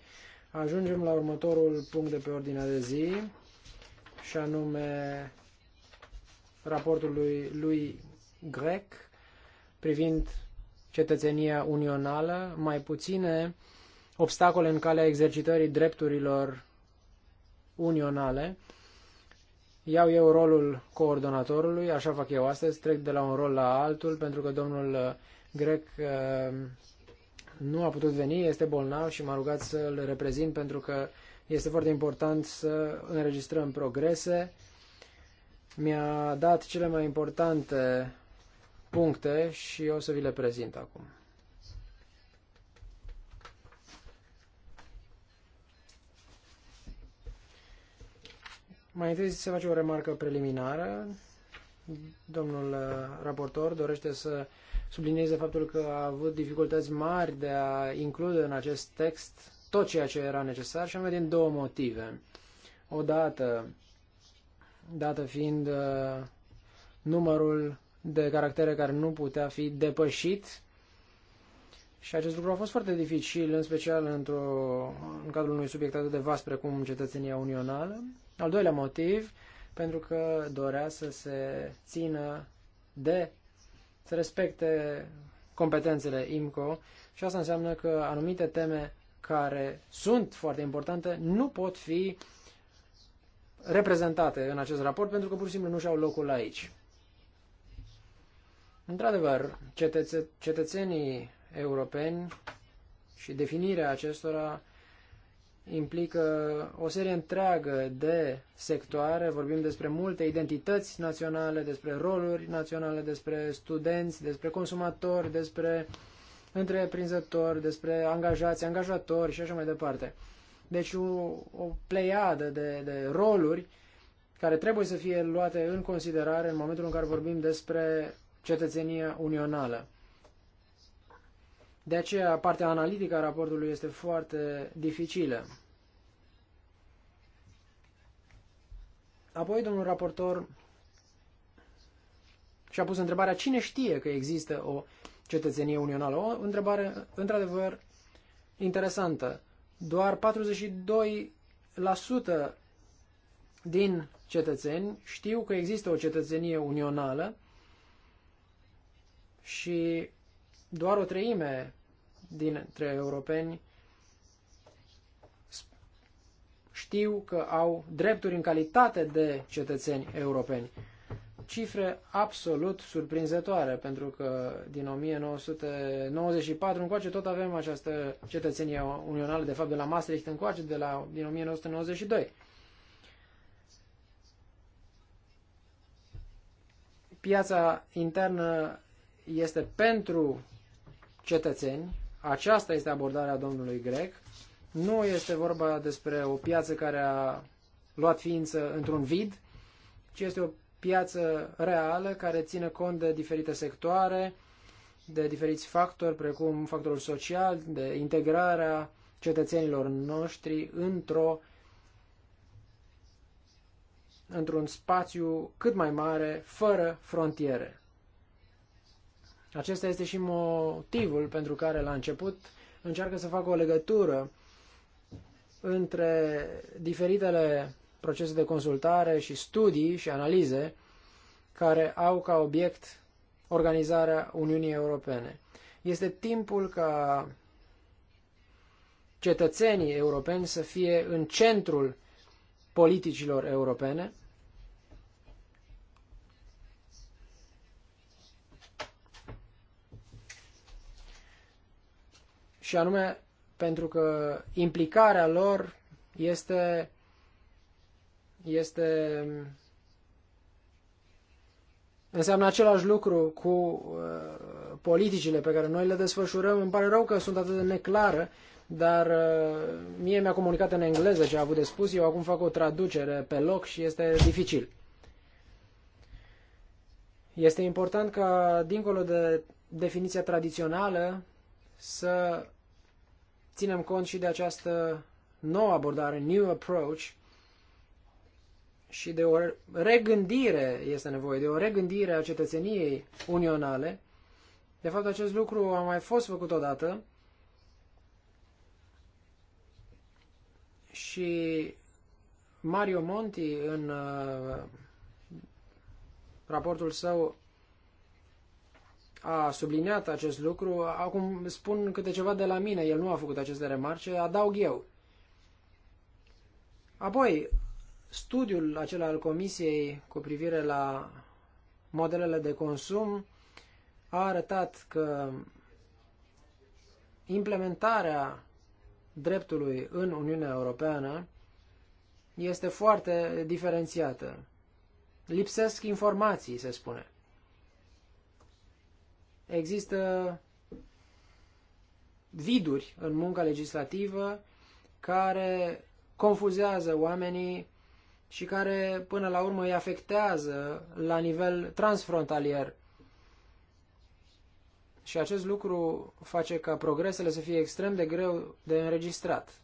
Ajungem la următorul punct de pe ordinea de zi, și anume raportul lui, lui Grec privind cetățenia unională, mai puține obstacole în calea exercitării drepturilor unionale. Iau eu rolul coordonatorului, așa fac eu astăzi, trec de la un rol la altul, pentru că domnul uh, grec uh, nu a putut veni, este bolnav și m-a rugat să-l reprezint pentru că este foarte important să înregistrăm progrese. Mi-a dat cele mai importante puncte și o să vi le prezint acum. Mai întâi se face o remarcă preliminară. Domnul uh, raportor dorește să sublinieze faptul că a avut dificultăți mari de a include în acest text tot ceea ce era necesar și anume din două motive. Odată, dată fiind uh, numărul de caractere care nu putea fi depășit și acest lucru a fost foarte dificil, în special într-o, în cadrul unui subiect atât de vast precum cetățenia unională al doilea motiv, pentru că dorea să se țină de, să respecte competențele IMCO și asta înseamnă că anumite teme care sunt foarte importante nu pot fi reprezentate în acest raport pentru că pur și simplu nu și-au locul aici. Într-adevăr, cetățe- cetățenii europeni și definirea acestora implică o serie întreagă de sectoare, vorbim despre multe identități naționale, despre roluri naționale, despre studenți, despre consumatori, despre întreprinzători, despre angajați, angajatori și așa mai departe. Deci o, o pleiadă de, de roluri care trebuie să fie luate în considerare în momentul în care vorbim despre cetățenia unională. De aceea, partea analitică a raportului este foarte dificilă. Apoi, domnul raportor și-a pus întrebarea cine știe că există o cetățenie unională. O întrebare, într-adevăr, interesantă. Doar 42% din cetățeni știu că există o cetățenie unională și doar o treime dintre europeni știu că au drepturi în calitate de cetățeni europeni. Cifre absolut surprinzătoare, pentru că din 1994 încoace tot avem această cetățenie unională, de fapt de la Maastricht încoace, de la, din 1992. Piața internă este pentru cetățeni. Aceasta este abordarea domnului Grec. Nu este vorba despre o piață care a luat ființă într-un vid, ci este o piață reală care ține cont de diferite sectoare, de diferiți factori, precum factorul social, de integrarea cetățenilor noștri într-o într-un spațiu cât mai mare, fără frontiere. Acesta este și motivul pentru care la început încearcă să facă o legătură între diferitele procese de consultare și studii și analize care au ca obiect organizarea Uniunii Europene. Este timpul ca cetățenii europeni să fie în centrul politicilor europene și anume pentru că implicarea lor este, este înseamnă același lucru cu uh, politicile pe care noi le desfășurăm. Îmi pare rău că sunt atât de neclară, dar uh, mie mi-a comunicat în engleză ce a avut de spus, eu acum fac o traducere pe loc și este dificil. Este important ca, dincolo de definiția tradițională, să ținem cont și de această nouă abordare, new approach, și de o regândire este nevoie, de o regândire a cetățeniei unionale. De fapt, acest lucru a mai fost făcut odată și Mario Monti, în uh, raportul său a subliniat acest lucru. Acum spun câte ceva de la mine, el nu a făcut aceste remarce, adaug eu. Apoi, studiul acela al Comisiei cu privire la modelele de consum a arătat că implementarea dreptului în Uniunea Europeană este foarte diferențiată. Lipsesc informații, se spune există viduri în munca legislativă care confuzează oamenii și care până la urmă îi afectează la nivel transfrontalier. Și acest lucru face ca progresele să fie extrem de greu de înregistrat.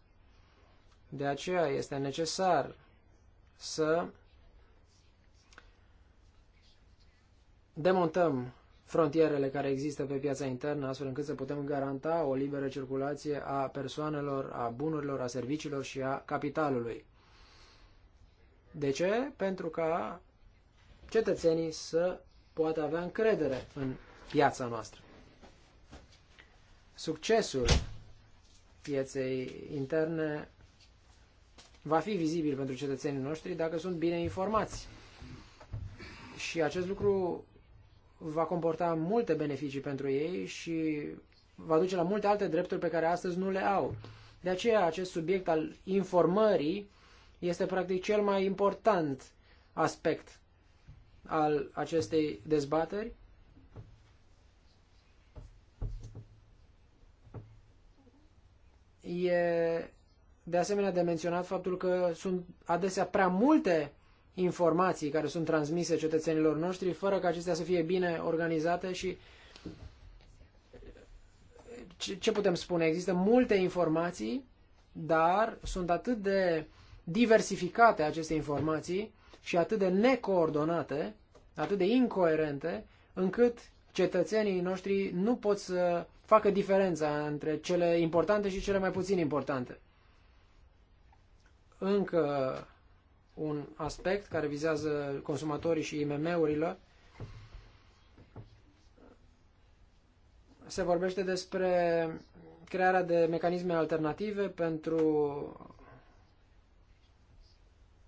De aceea este necesar să demontăm frontierele care există pe piața internă, astfel încât să putem garanta o liberă circulație a persoanelor, a bunurilor, a serviciilor și a capitalului. De ce? Pentru ca cetățenii să poată avea încredere în piața noastră. Succesul pieței interne va fi vizibil pentru cetățenii noștri dacă sunt bine informați. Și acest lucru va comporta multe beneficii pentru ei și va duce la multe alte drepturi pe care astăzi nu le au. De aceea acest subiect al informării este practic cel mai important aspect al acestei dezbateri. E de asemenea de menționat faptul că sunt adesea prea multe informații care sunt transmise cetățenilor noștri, fără ca acestea să fie bine organizate și ce putem spune? Există multe informații, dar sunt atât de diversificate aceste informații și atât de necoordonate, atât de incoerente, încât cetățenii noștri nu pot să facă diferența între cele importante și cele mai puțin importante. Încă un aspect care vizează consumatorii și IMM-urile. Se vorbește despre crearea de mecanisme alternative pentru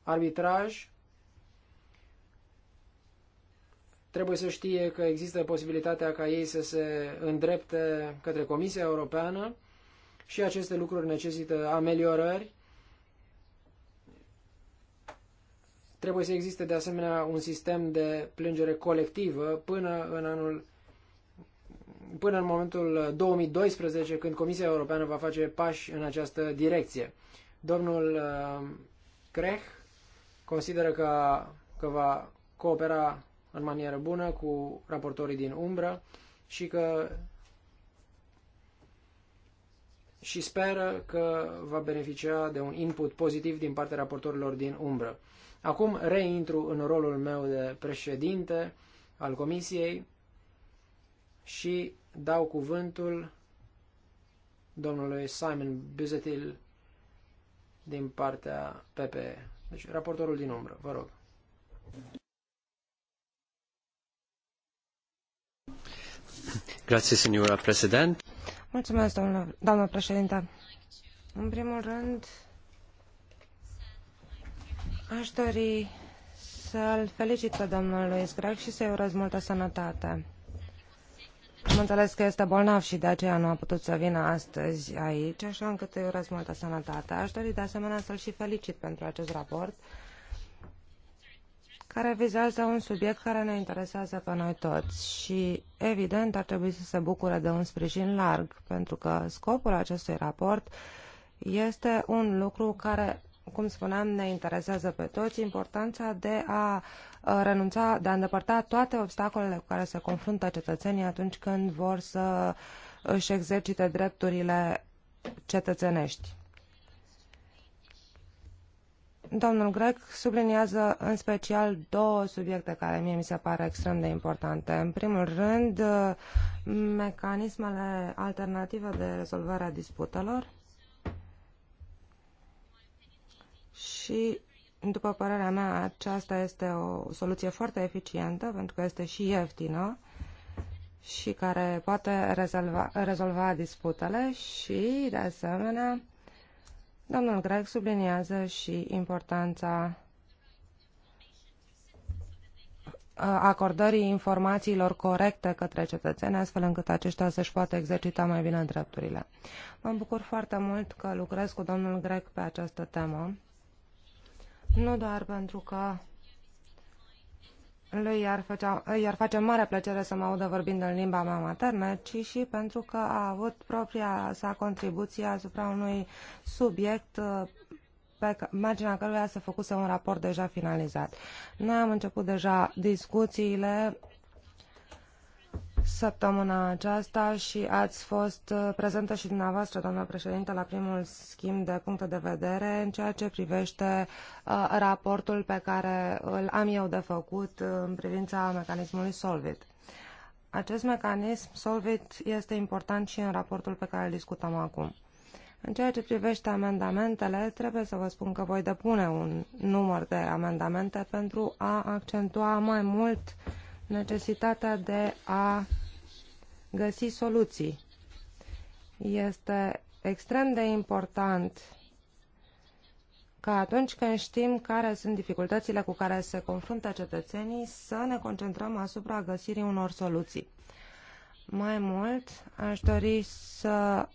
arbitraj. Trebuie să știe că există posibilitatea ca ei să se îndrepte către Comisia Europeană și aceste lucruri necesită ameliorări Trebuie să existe de asemenea un sistem de plângere colectivă până în anul până în momentul 2012 când Comisia Europeană va face pași în această direcție. Domnul Creh uh, consideră că, că va coopera în manieră bună cu raportorii din umbră și că și speră că va beneficia de un input pozitiv din partea raportorilor din umbră. Acum reintru în rolul meu de președinte al comisiei și dau cuvântul domnului Simon Buzetil din partea PPE. Deci, raportorul din umbră, vă rog. Grazie, signora President. Mulțumesc, doamnă, doamnă președinte. În primul rând, Aș dori să-l felicit pe domnul Luis Grec și să-i urez multă sănătate. Am înțeles că este bolnav și de aceea nu a putut să vină astăzi aici, așa încât îi urez multă sănătate. Aș dori de asemenea să-l și felicit pentru acest raport, care vizează un subiect care ne interesează pe noi toți și, evident, ar trebui să se bucure de un sprijin larg, pentru că scopul acestui raport este un lucru care cum spuneam, ne interesează pe toți importanța de a renunța, de a îndepărta toate obstacolele cu care se confruntă cetățenii atunci când vor să își exercite drepturile cetățenești. Domnul Grec subliniază în special două subiecte care mie mi se pare extrem de importante. În primul rând, mecanismele alternative de rezolvare a disputelor și, după părerea mea, aceasta este o soluție foarte eficientă pentru că este și ieftină și care poate rezolva, rezolva disputele și, de asemenea, domnul Greg subliniază și importanța acordării informațiilor corecte către cetățeni, astfel încât aceștia să-și poată exercita mai bine drepturile. Mă bucur foarte mult că lucrez cu domnul Grec pe această temă nu doar pentru că lui ar, face, îi ar face mare plăcere să mă audă vorbind în limba mea maternă, ci și pentru că a avut propria sa contribuție asupra unui subiect uh, pe marginea căruia se făcuse un raport deja finalizat. Noi am început deja discuțiile săptămâna aceasta și ați fost uh, prezentă și dumneavoastră, doamnă președinte, la primul schimb de puncte de vedere în ceea ce privește uh, raportul pe care îl am eu de făcut uh, în privința mecanismului Solvit. Acest mecanism Solvit este important și în raportul pe care îl discutăm acum. În ceea ce privește amendamentele, trebuie să vă spun că voi depune un număr de amendamente pentru a accentua mai mult necesitatea de a găsi soluții. Este extrem de important ca atunci când știm care sunt dificultățile cu care se confruntă cetățenii, să ne concentrăm asupra găsirii unor soluții. Mai mult, aș dori să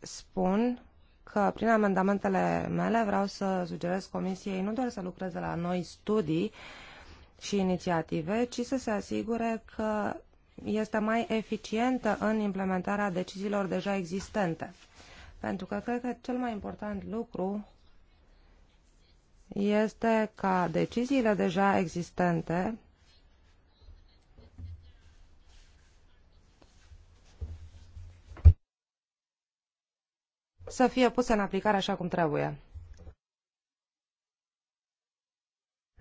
spun că prin amendamentele mele vreau să sugerez Comisiei nu doar să lucreze la noi studii și inițiative, ci să se asigure că este mai eficientă în implementarea deciziilor deja existente. Pentru că cred că cel mai important lucru este ca deciziile deja existente să fie puse în aplicare așa cum trebuie.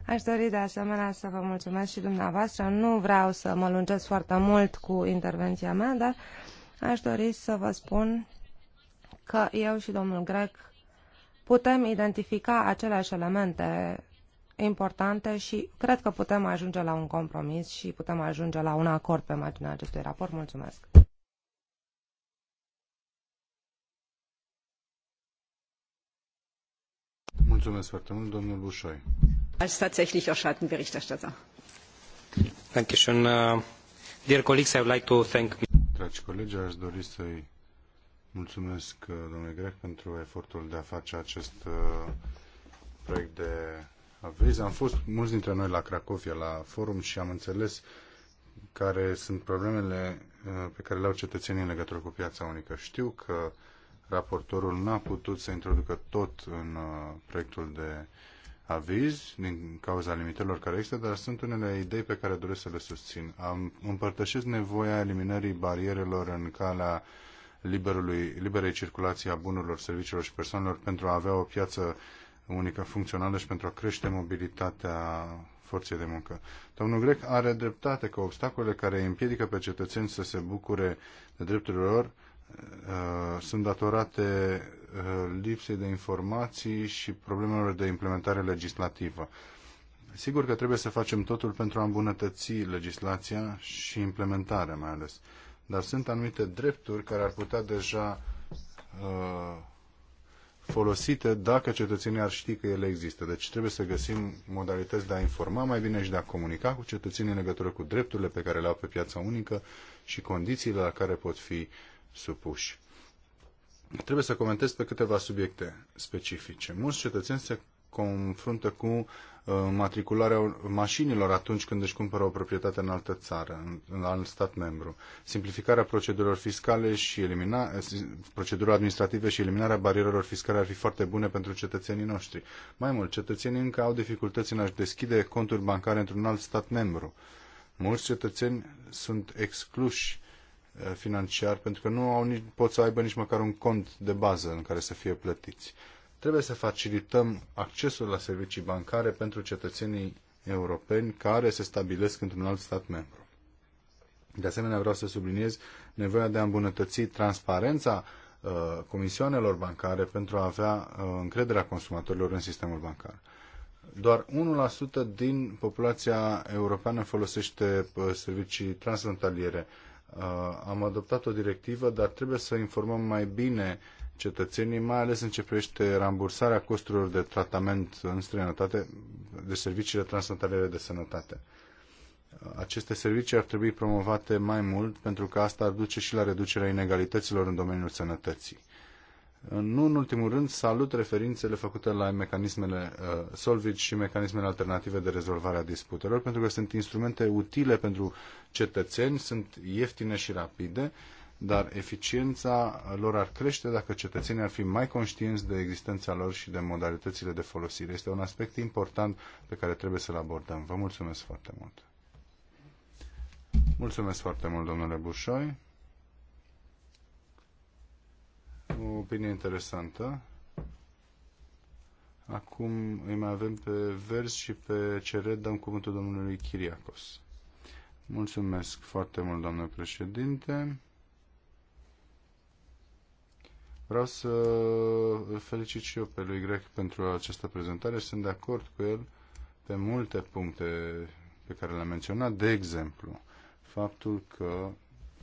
Aș dori de asemenea să vă mulțumesc și dumneavoastră. Nu vreau să mă lungesc foarte mult cu intervenția mea, dar aș dori să vă spun că eu și domnul Grec putem identifica aceleași elemente importante și cred că putem ajunge la un compromis și putem ajunge la un acord pe marginea acestui raport. Mulțumesc! Mulțumesc foarte mult, domnul Bușoi als tatsächlicher Schattenberichterstatter. Dankeschön. Uh, dear colleagues, I would like to thank... Dragi colegi, aș dori să-i mulțumesc uh, domnului Grech pentru efortul de a face acest uh, proiect de aviz. Am fost mulți dintre noi la Cracovia, la forum și am înțeles care sunt problemele uh, pe care le au cetățenii în legătură cu piața unică. Știu că raportorul n-a putut să introducă tot în proiectul de aviz din cauza limitelor care există, dar sunt unele idei pe care doresc să le susțin. Am, împărtășit nevoia eliminării barierelor în calea liberului, liberei circulații a bunurilor, serviciilor și persoanelor pentru a avea o piață unică funcțională și pentru a crește mobilitatea forței de muncă. Domnul Grec are dreptate că obstacolele care împiedică pe cetățeni să se bucure de drepturile lor Uh, sunt datorate uh, lipsei de informații și problemelor de implementare legislativă. Sigur că trebuie să facem totul pentru a îmbunătăți legislația și implementarea mai ales. Dar sunt anumite drepturi care ar putea deja uh, folosite dacă cetățenii ar ști că ele există. Deci trebuie să găsim modalități de a informa mai bine și de a comunica cu cetățenii în legătură cu drepturile pe care le au pe piața unică și condițiile la care pot fi supuși. Trebuie să comentez pe câteva subiecte specifice. Mulți cetățeni se confruntă cu uh, matricularea mașinilor atunci când își cumpără o proprietate în altă țară, în, în alt stat membru. Simplificarea procedurilor fiscale și elimina, procedurilor administrative și eliminarea barierelor fiscale ar fi foarte bune pentru cetățenii noștri. Mai mult, cetățenii încă au dificultăți în a-și deschide conturi bancare într-un alt stat membru. Mulți cetățeni sunt excluși Eh, financiar, pentru că nu au nici, pot să aibă nici măcar un cont de bază în care să fie plătiți. Trebuie să facilităm accesul la servicii bancare pentru cetățenii europeni care se stabilesc într-un alt stat membru. De asemenea, vreau să subliniez nevoia de a îmbunătăți transparența uh, comisioanelor bancare pentru a avea uh, încrederea consumatorilor în sistemul bancar. Doar 1% din populația europeană folosește uh, servicii transfrontaliere. Uh, Uh, am adoptat o directivă, dar trebuie să informăm mai bine cetățenii, mai ales în ce privește rambursarea costurilor de tratament în străinătate, de serviciile transfrontaliere de sănătate. Uh, aceste servicii ar trebui promovate mai mult pentru că asta ar duce și la reducerea inegalităților în domeniul sănătății. Nu în ultimul rând, salut referințele făcute la mecanismele uh, Solvit și mecanismele alternative de rezolvare a disputelor, pentru că sunt instrumente utile pentru cetățeni, sunt ieftine și rapide, dar eficiența lor ar crește dacă cetățenii ar fi mai conștienți de existența lor și de modalitățile de folosire. Este un aspect important pe care trebuie să-l abordăm. Vă mulțumesc foarte mult! Mulțumesc foarte mult, domnule Bușoi! O opinie interesantă. Acum îi mai avem pe vers și pe cere, dăm cuvântul domnului Chiriacos. Mulțumesc foarte mult, doamnă președinte. Vreau să îl felicit și eu pe lui Grec pentru această prezentare. Sunt de acord cu el pe multe puncte pe care le-a menționat. De exemplu, faptul că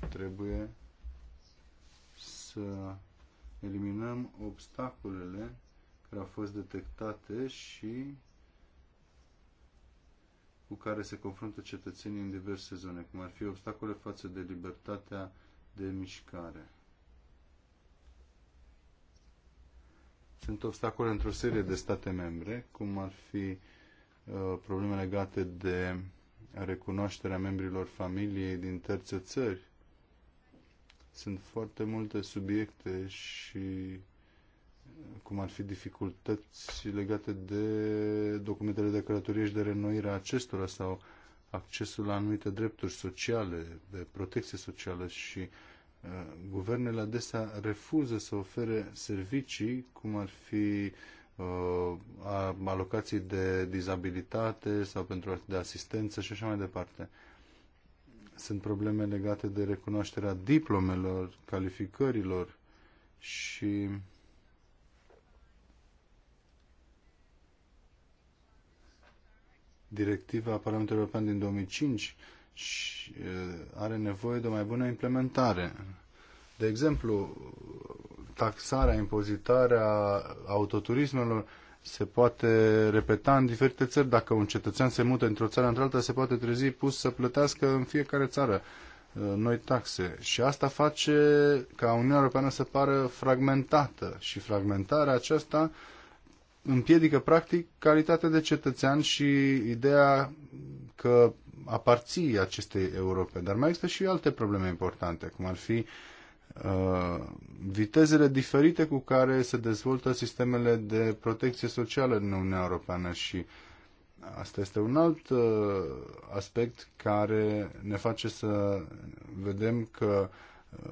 trebuie să eliminăm obstacolele care au fost detectate și cu care se confruntă cetățenii în diverse zone, cum ar fi obstacole față de libertatea de mișcare. Sunt obstacole într-o serie de state membre, cum ar fi uh, probleme legate de recunoașterea membrilor familiei din terțe țări, sunt foarte multe subiecte și cum ar fi dificultăți legate de documentele de călătorie și de renoirea acestora sau accesul la anumite drepturi sociale, de protecție socială și uh, guvernele adesea refuză să ofere servicii, cum ar fi uh, alocații de dizabilitate sau pentru de asistență și așa mai departe. Uh, sunt probleme legate de recunoașterea diplomelor, calificărilor și directiva Parlamentului European din 2005 și are nevoie de o mai bună implementare. De exemplu, taxarea, impozitarea autoturismelor se poate repeta în diferite țări. Dacă un cetățean se mută într-o țară într-alta, se poate trezi pus să plătească în fiecare țară uh, noi taxe. Și asta face ca Uniunea Europeană să pară fragmentată și fragmentarea aceasta împiedică practic calitatea de cetățean și ideea că aparții acestei Europe. Dar mai există și alte probleme importante, cum ar fi uh, Uh, vitezele diferite cu care se dezvoltă sistemele de protecție socială în Uniunea Europeană și asta este un alt uh, aspect care ne face să vedem că uh,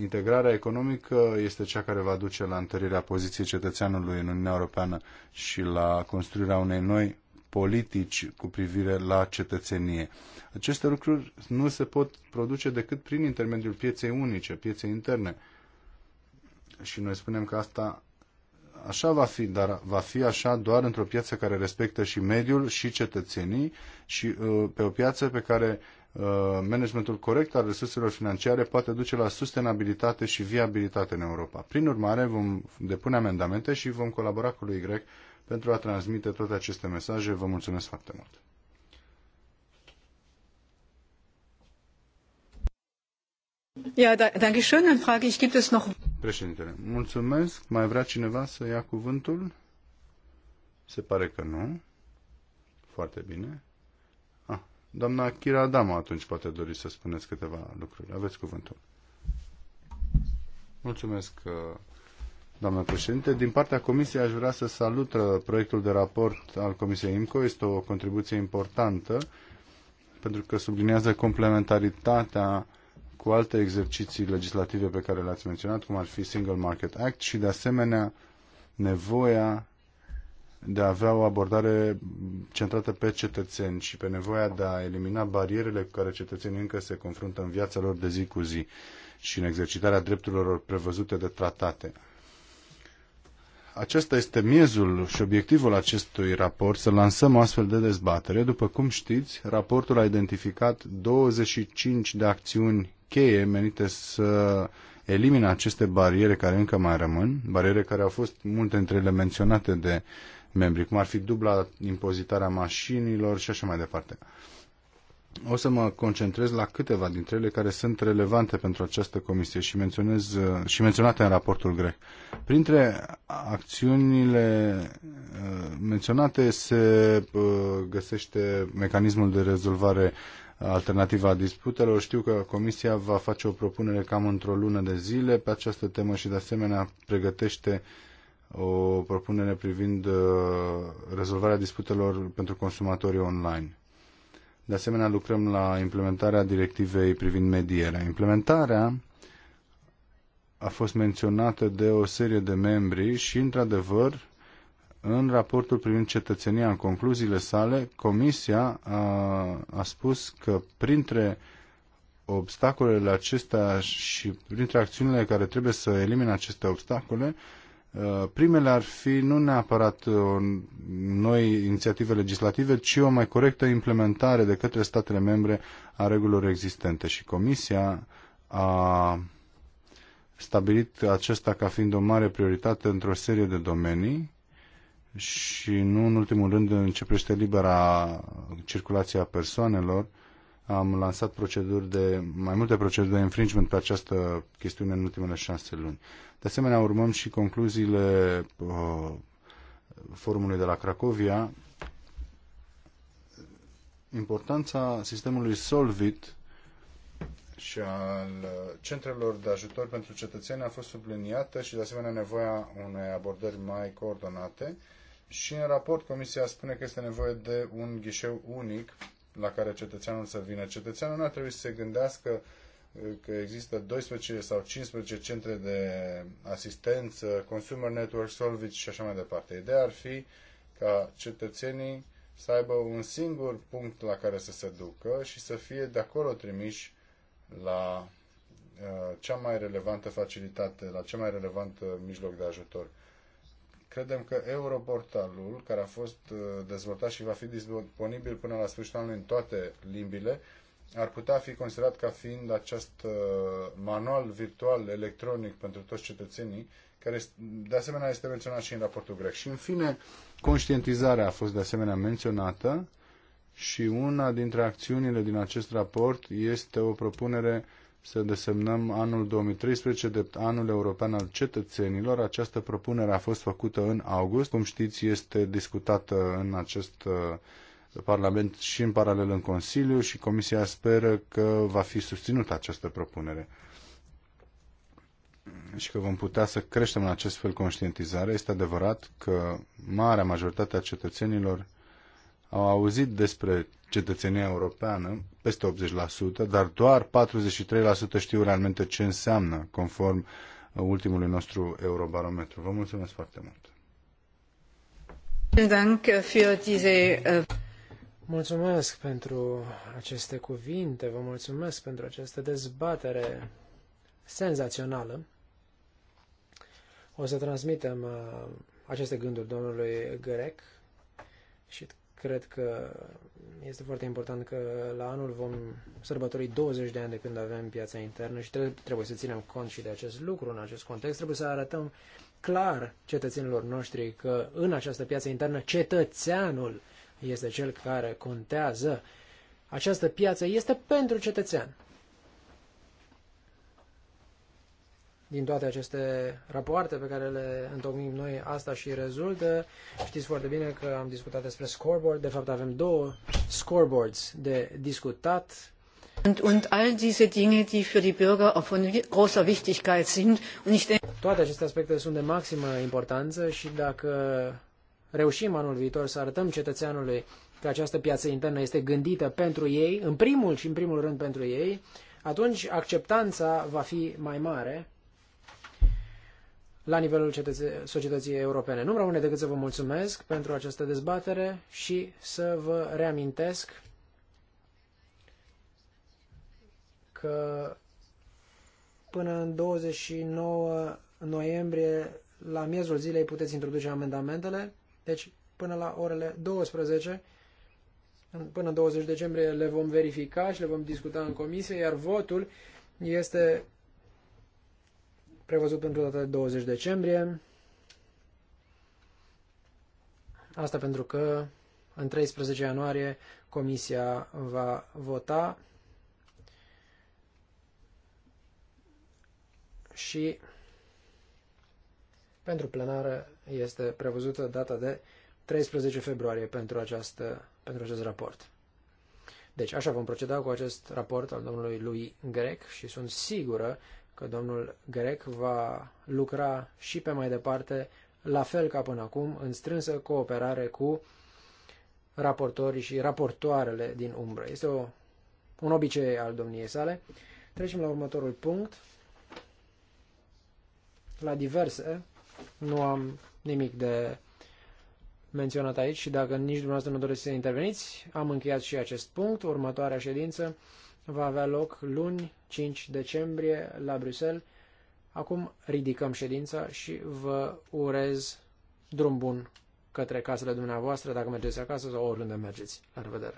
integrarea economică este cea care va duce la întărirea poziției cetățeanului în Uniunea Europeană și la construirea unei noi politici cu privire la cetățenie. Aceste lucruri nu se pot produce decât prin intermediul pieței unice, pieței interne. Și noi spunem că asta așa va fi, dar va fi așa doar într-o piață care respectă și mediul și cetățenii și uh, pe o piață pe care uh, managementul corect al resurselor financiare poate duce la sustenabilitate și viabilitate în Europa. Prin urmare, vom depune amendamente și vom colabora cu lui Y pentru a transmite toate aceste mesaje. Vă mulțumesc foarte mult! Ja, da, danke schön. Dann frage ich, gibt es noch... Președintele, mulțumesc. Mai vrea cineva să ia cuvântul? Se pare că nu. Foarte bine. Ah, doamna Kira Adamo atunci poate dori să spuneți câteva lucruri. Aveți cuvântul. Mulțumesc, uh, doamnă președinte. Din partea Comisiei aș vrea să salut uh, proiectul de raport al Comisiei IMCO. Este o contribuție importantă pentru că subliniază complementaritatea cu alte exerciții legislative pe care le-ați menționat, cum ar fi Single Market Act și, de asemenea, nevoia de a avea o abordare centrată pe cetățeni și pe nevoia de a elimina barierele cu care cetățenii încă se confruntă în viața lor de zi cu zi și în exercitarea drepturilor prevăzute de tratate. Acesta este miezul și obiectivul acestui raport, să lansăm o astfel de dezbatere. După cum știți, raportul a identificat 25 de acțiuni cheie menite să elimine aceste bariere care încă mai rămân, bariere care au fost multe dintre ele menționate de membri, cum ar fi dubla impozitarea mașinilor și așa mai departe. Uh, o să mă concentrez la câteva dintre ele care sunt relevante pentru această comisie și, menționez, uh, și menționate în raportul grec. Printre acțiunile uh, menționate se uh, găsește mecanismul de rezolvare alternativă a disputelor. Știu că comisia va face o propunere cam într-o lună de zile pe această temă și de asemenea pregătește o propunere privind rezolvarea disputelor pentru consumatorii online. De asemenea, lucrăm la implementarea directivei privind medierea. Implementarea a fost menționată de o serie de membri și, într-adevăr, în raportul privind cetățenia, în concluziile sale, Comisia a, a spus că printre obstacolele acestea și printre acțiunile care trebuie să elimine aceste obstacole Uh, primele ar fi nu neapărat uh, noi inițiative legislative, ci o mai corectă implementare de către statele membre a regulilor existente. Și Comisia a stabilit acesta ca fiind o mare prioritate într-o serie de domenii și nu în ultimul rând începește libera circulație a persoanelor am lansat proceduri de, mai multe proceduri de infringement pe această chestiune în ultimele șase luni. De asemenea, urmăm și concluziile uh, forumului de la Cracovia. Importanța sistemului Solvit și al centrelor de ajutor pentru cetățeni a fost subliniată și de asemenea nevoia unei abordări mai coordonate și în raport Comisia spune că este nevoie de un ghișeu unic la care cetățeanul să vină. Cetățeanul nu ar trebui să se gândească uh, că există 12 sau 15 centre de asistență, consumer network, solvit și așa mai departe. Ideea ar fi ca cetățenii să aibă un singur punct la care să se ducă și să fie de acolo trimiși la uh, cea mai relevantă facilitate, la cea mai relevant mijloc de ajutor credem că Europortalul, care a fost uh, dezvoltat și va fi disponibil până la sfârșitul anului în toate limbile, ar putea fi considerat ca fiind acest uh, manual virtual electronic pentru toți cetățenii, care de asemenea este menționat și în raportul grec. Și în fine, conștientizarea a fost de asemenea menționată și una dintre acțiunile din acest raport este o propunere să desemnăm anul 2013 drept anul european al cetățenilor. Această propunere a fost făcută în august. Cum știți, este discutată în acest uh, Parlament și în paralel în Consiliu și Comisia speră că va fi susținută această propunere și că vom putea să creștem în acest fel conștientizarea. Este adevărat că marea majoritate a cetățenilor au auzit despre cetățenia europeană, peste 80%, dar doar 43% știu realmente ce înseamnă, conform ultimului nostru eurobarometru. Vă mulțumesc foarte mult! Uh, mulțumesc pentru aceste cuvinte, vă mulțumesc pentru această dezbatere senzațională. O să transmitem uh, aceste gânduri domnului Grec și Cred că este foarte important că la anul vom sărbători 20 de ani de când avem piața internă și trebuie să ținem cont și de acest lucru în acest context. Trebuie să arătăm clar cetățenilor noștri că în această piață internă cetățeanul este cel care contează. Această piață este pentru cetățean. din toate aceste rapoarte pe care le întocmim noi, asta și rezultă. Știți foarte bine că am discutat despre scoreboard. De fapt, avem două scoreboards de discutat. Und, und all diese Dinge, die für die Bürger auch von großer Wichtigkeit sind. Und ich denke... Toate aceste aspecte sunt de maximă importanță și dacă reușim anul viitor să arătăm cetățeanului că această piață internă este gândită pentru ei, în primul și în primul rând pentru ei, atunci acceptanța va fi mai mare la nivelul societății europene. Nu-mi rămâne decât să vă mulțumesc pentru această dezbatere și să vă reamintesc că până în 29 noiembrie, la miezul zilei, puteți introduce amendamentele, deci până la orele 12, până în 20 decembrie le vom verifica și le vom discuta în comisie, iar votul este prevăzut pentru data de 20 decembrie. Asta pentru că în 13 ianuarie Comisia va vota și pentru plenară este prevăzută data de 13 februarie pentru, această, pentru acest raport. Deci așa vom proceda cu acest raport al domnului lui Grec și sunt sigură că domnul Grec va lucra și pe mai departe, la fel ca până acum, în strânsă cooperare cu raportorii și raportoarele din umbră. Este o, un obicei al domniei sale. Trecem la următorul punct. La diverse, nu am nimic de menționat aici și dacă nici dumneavoastră nu doriți să interveniți, am încheiat și acest punct. Următoarea ședință va avea loc luni 5 decembrie la Bruxelles. Acum ridicăm ședința și vă urez drum bun către casele dumneavoastră, dacă mergeți acasă sau oriunde mergeți. La revedere!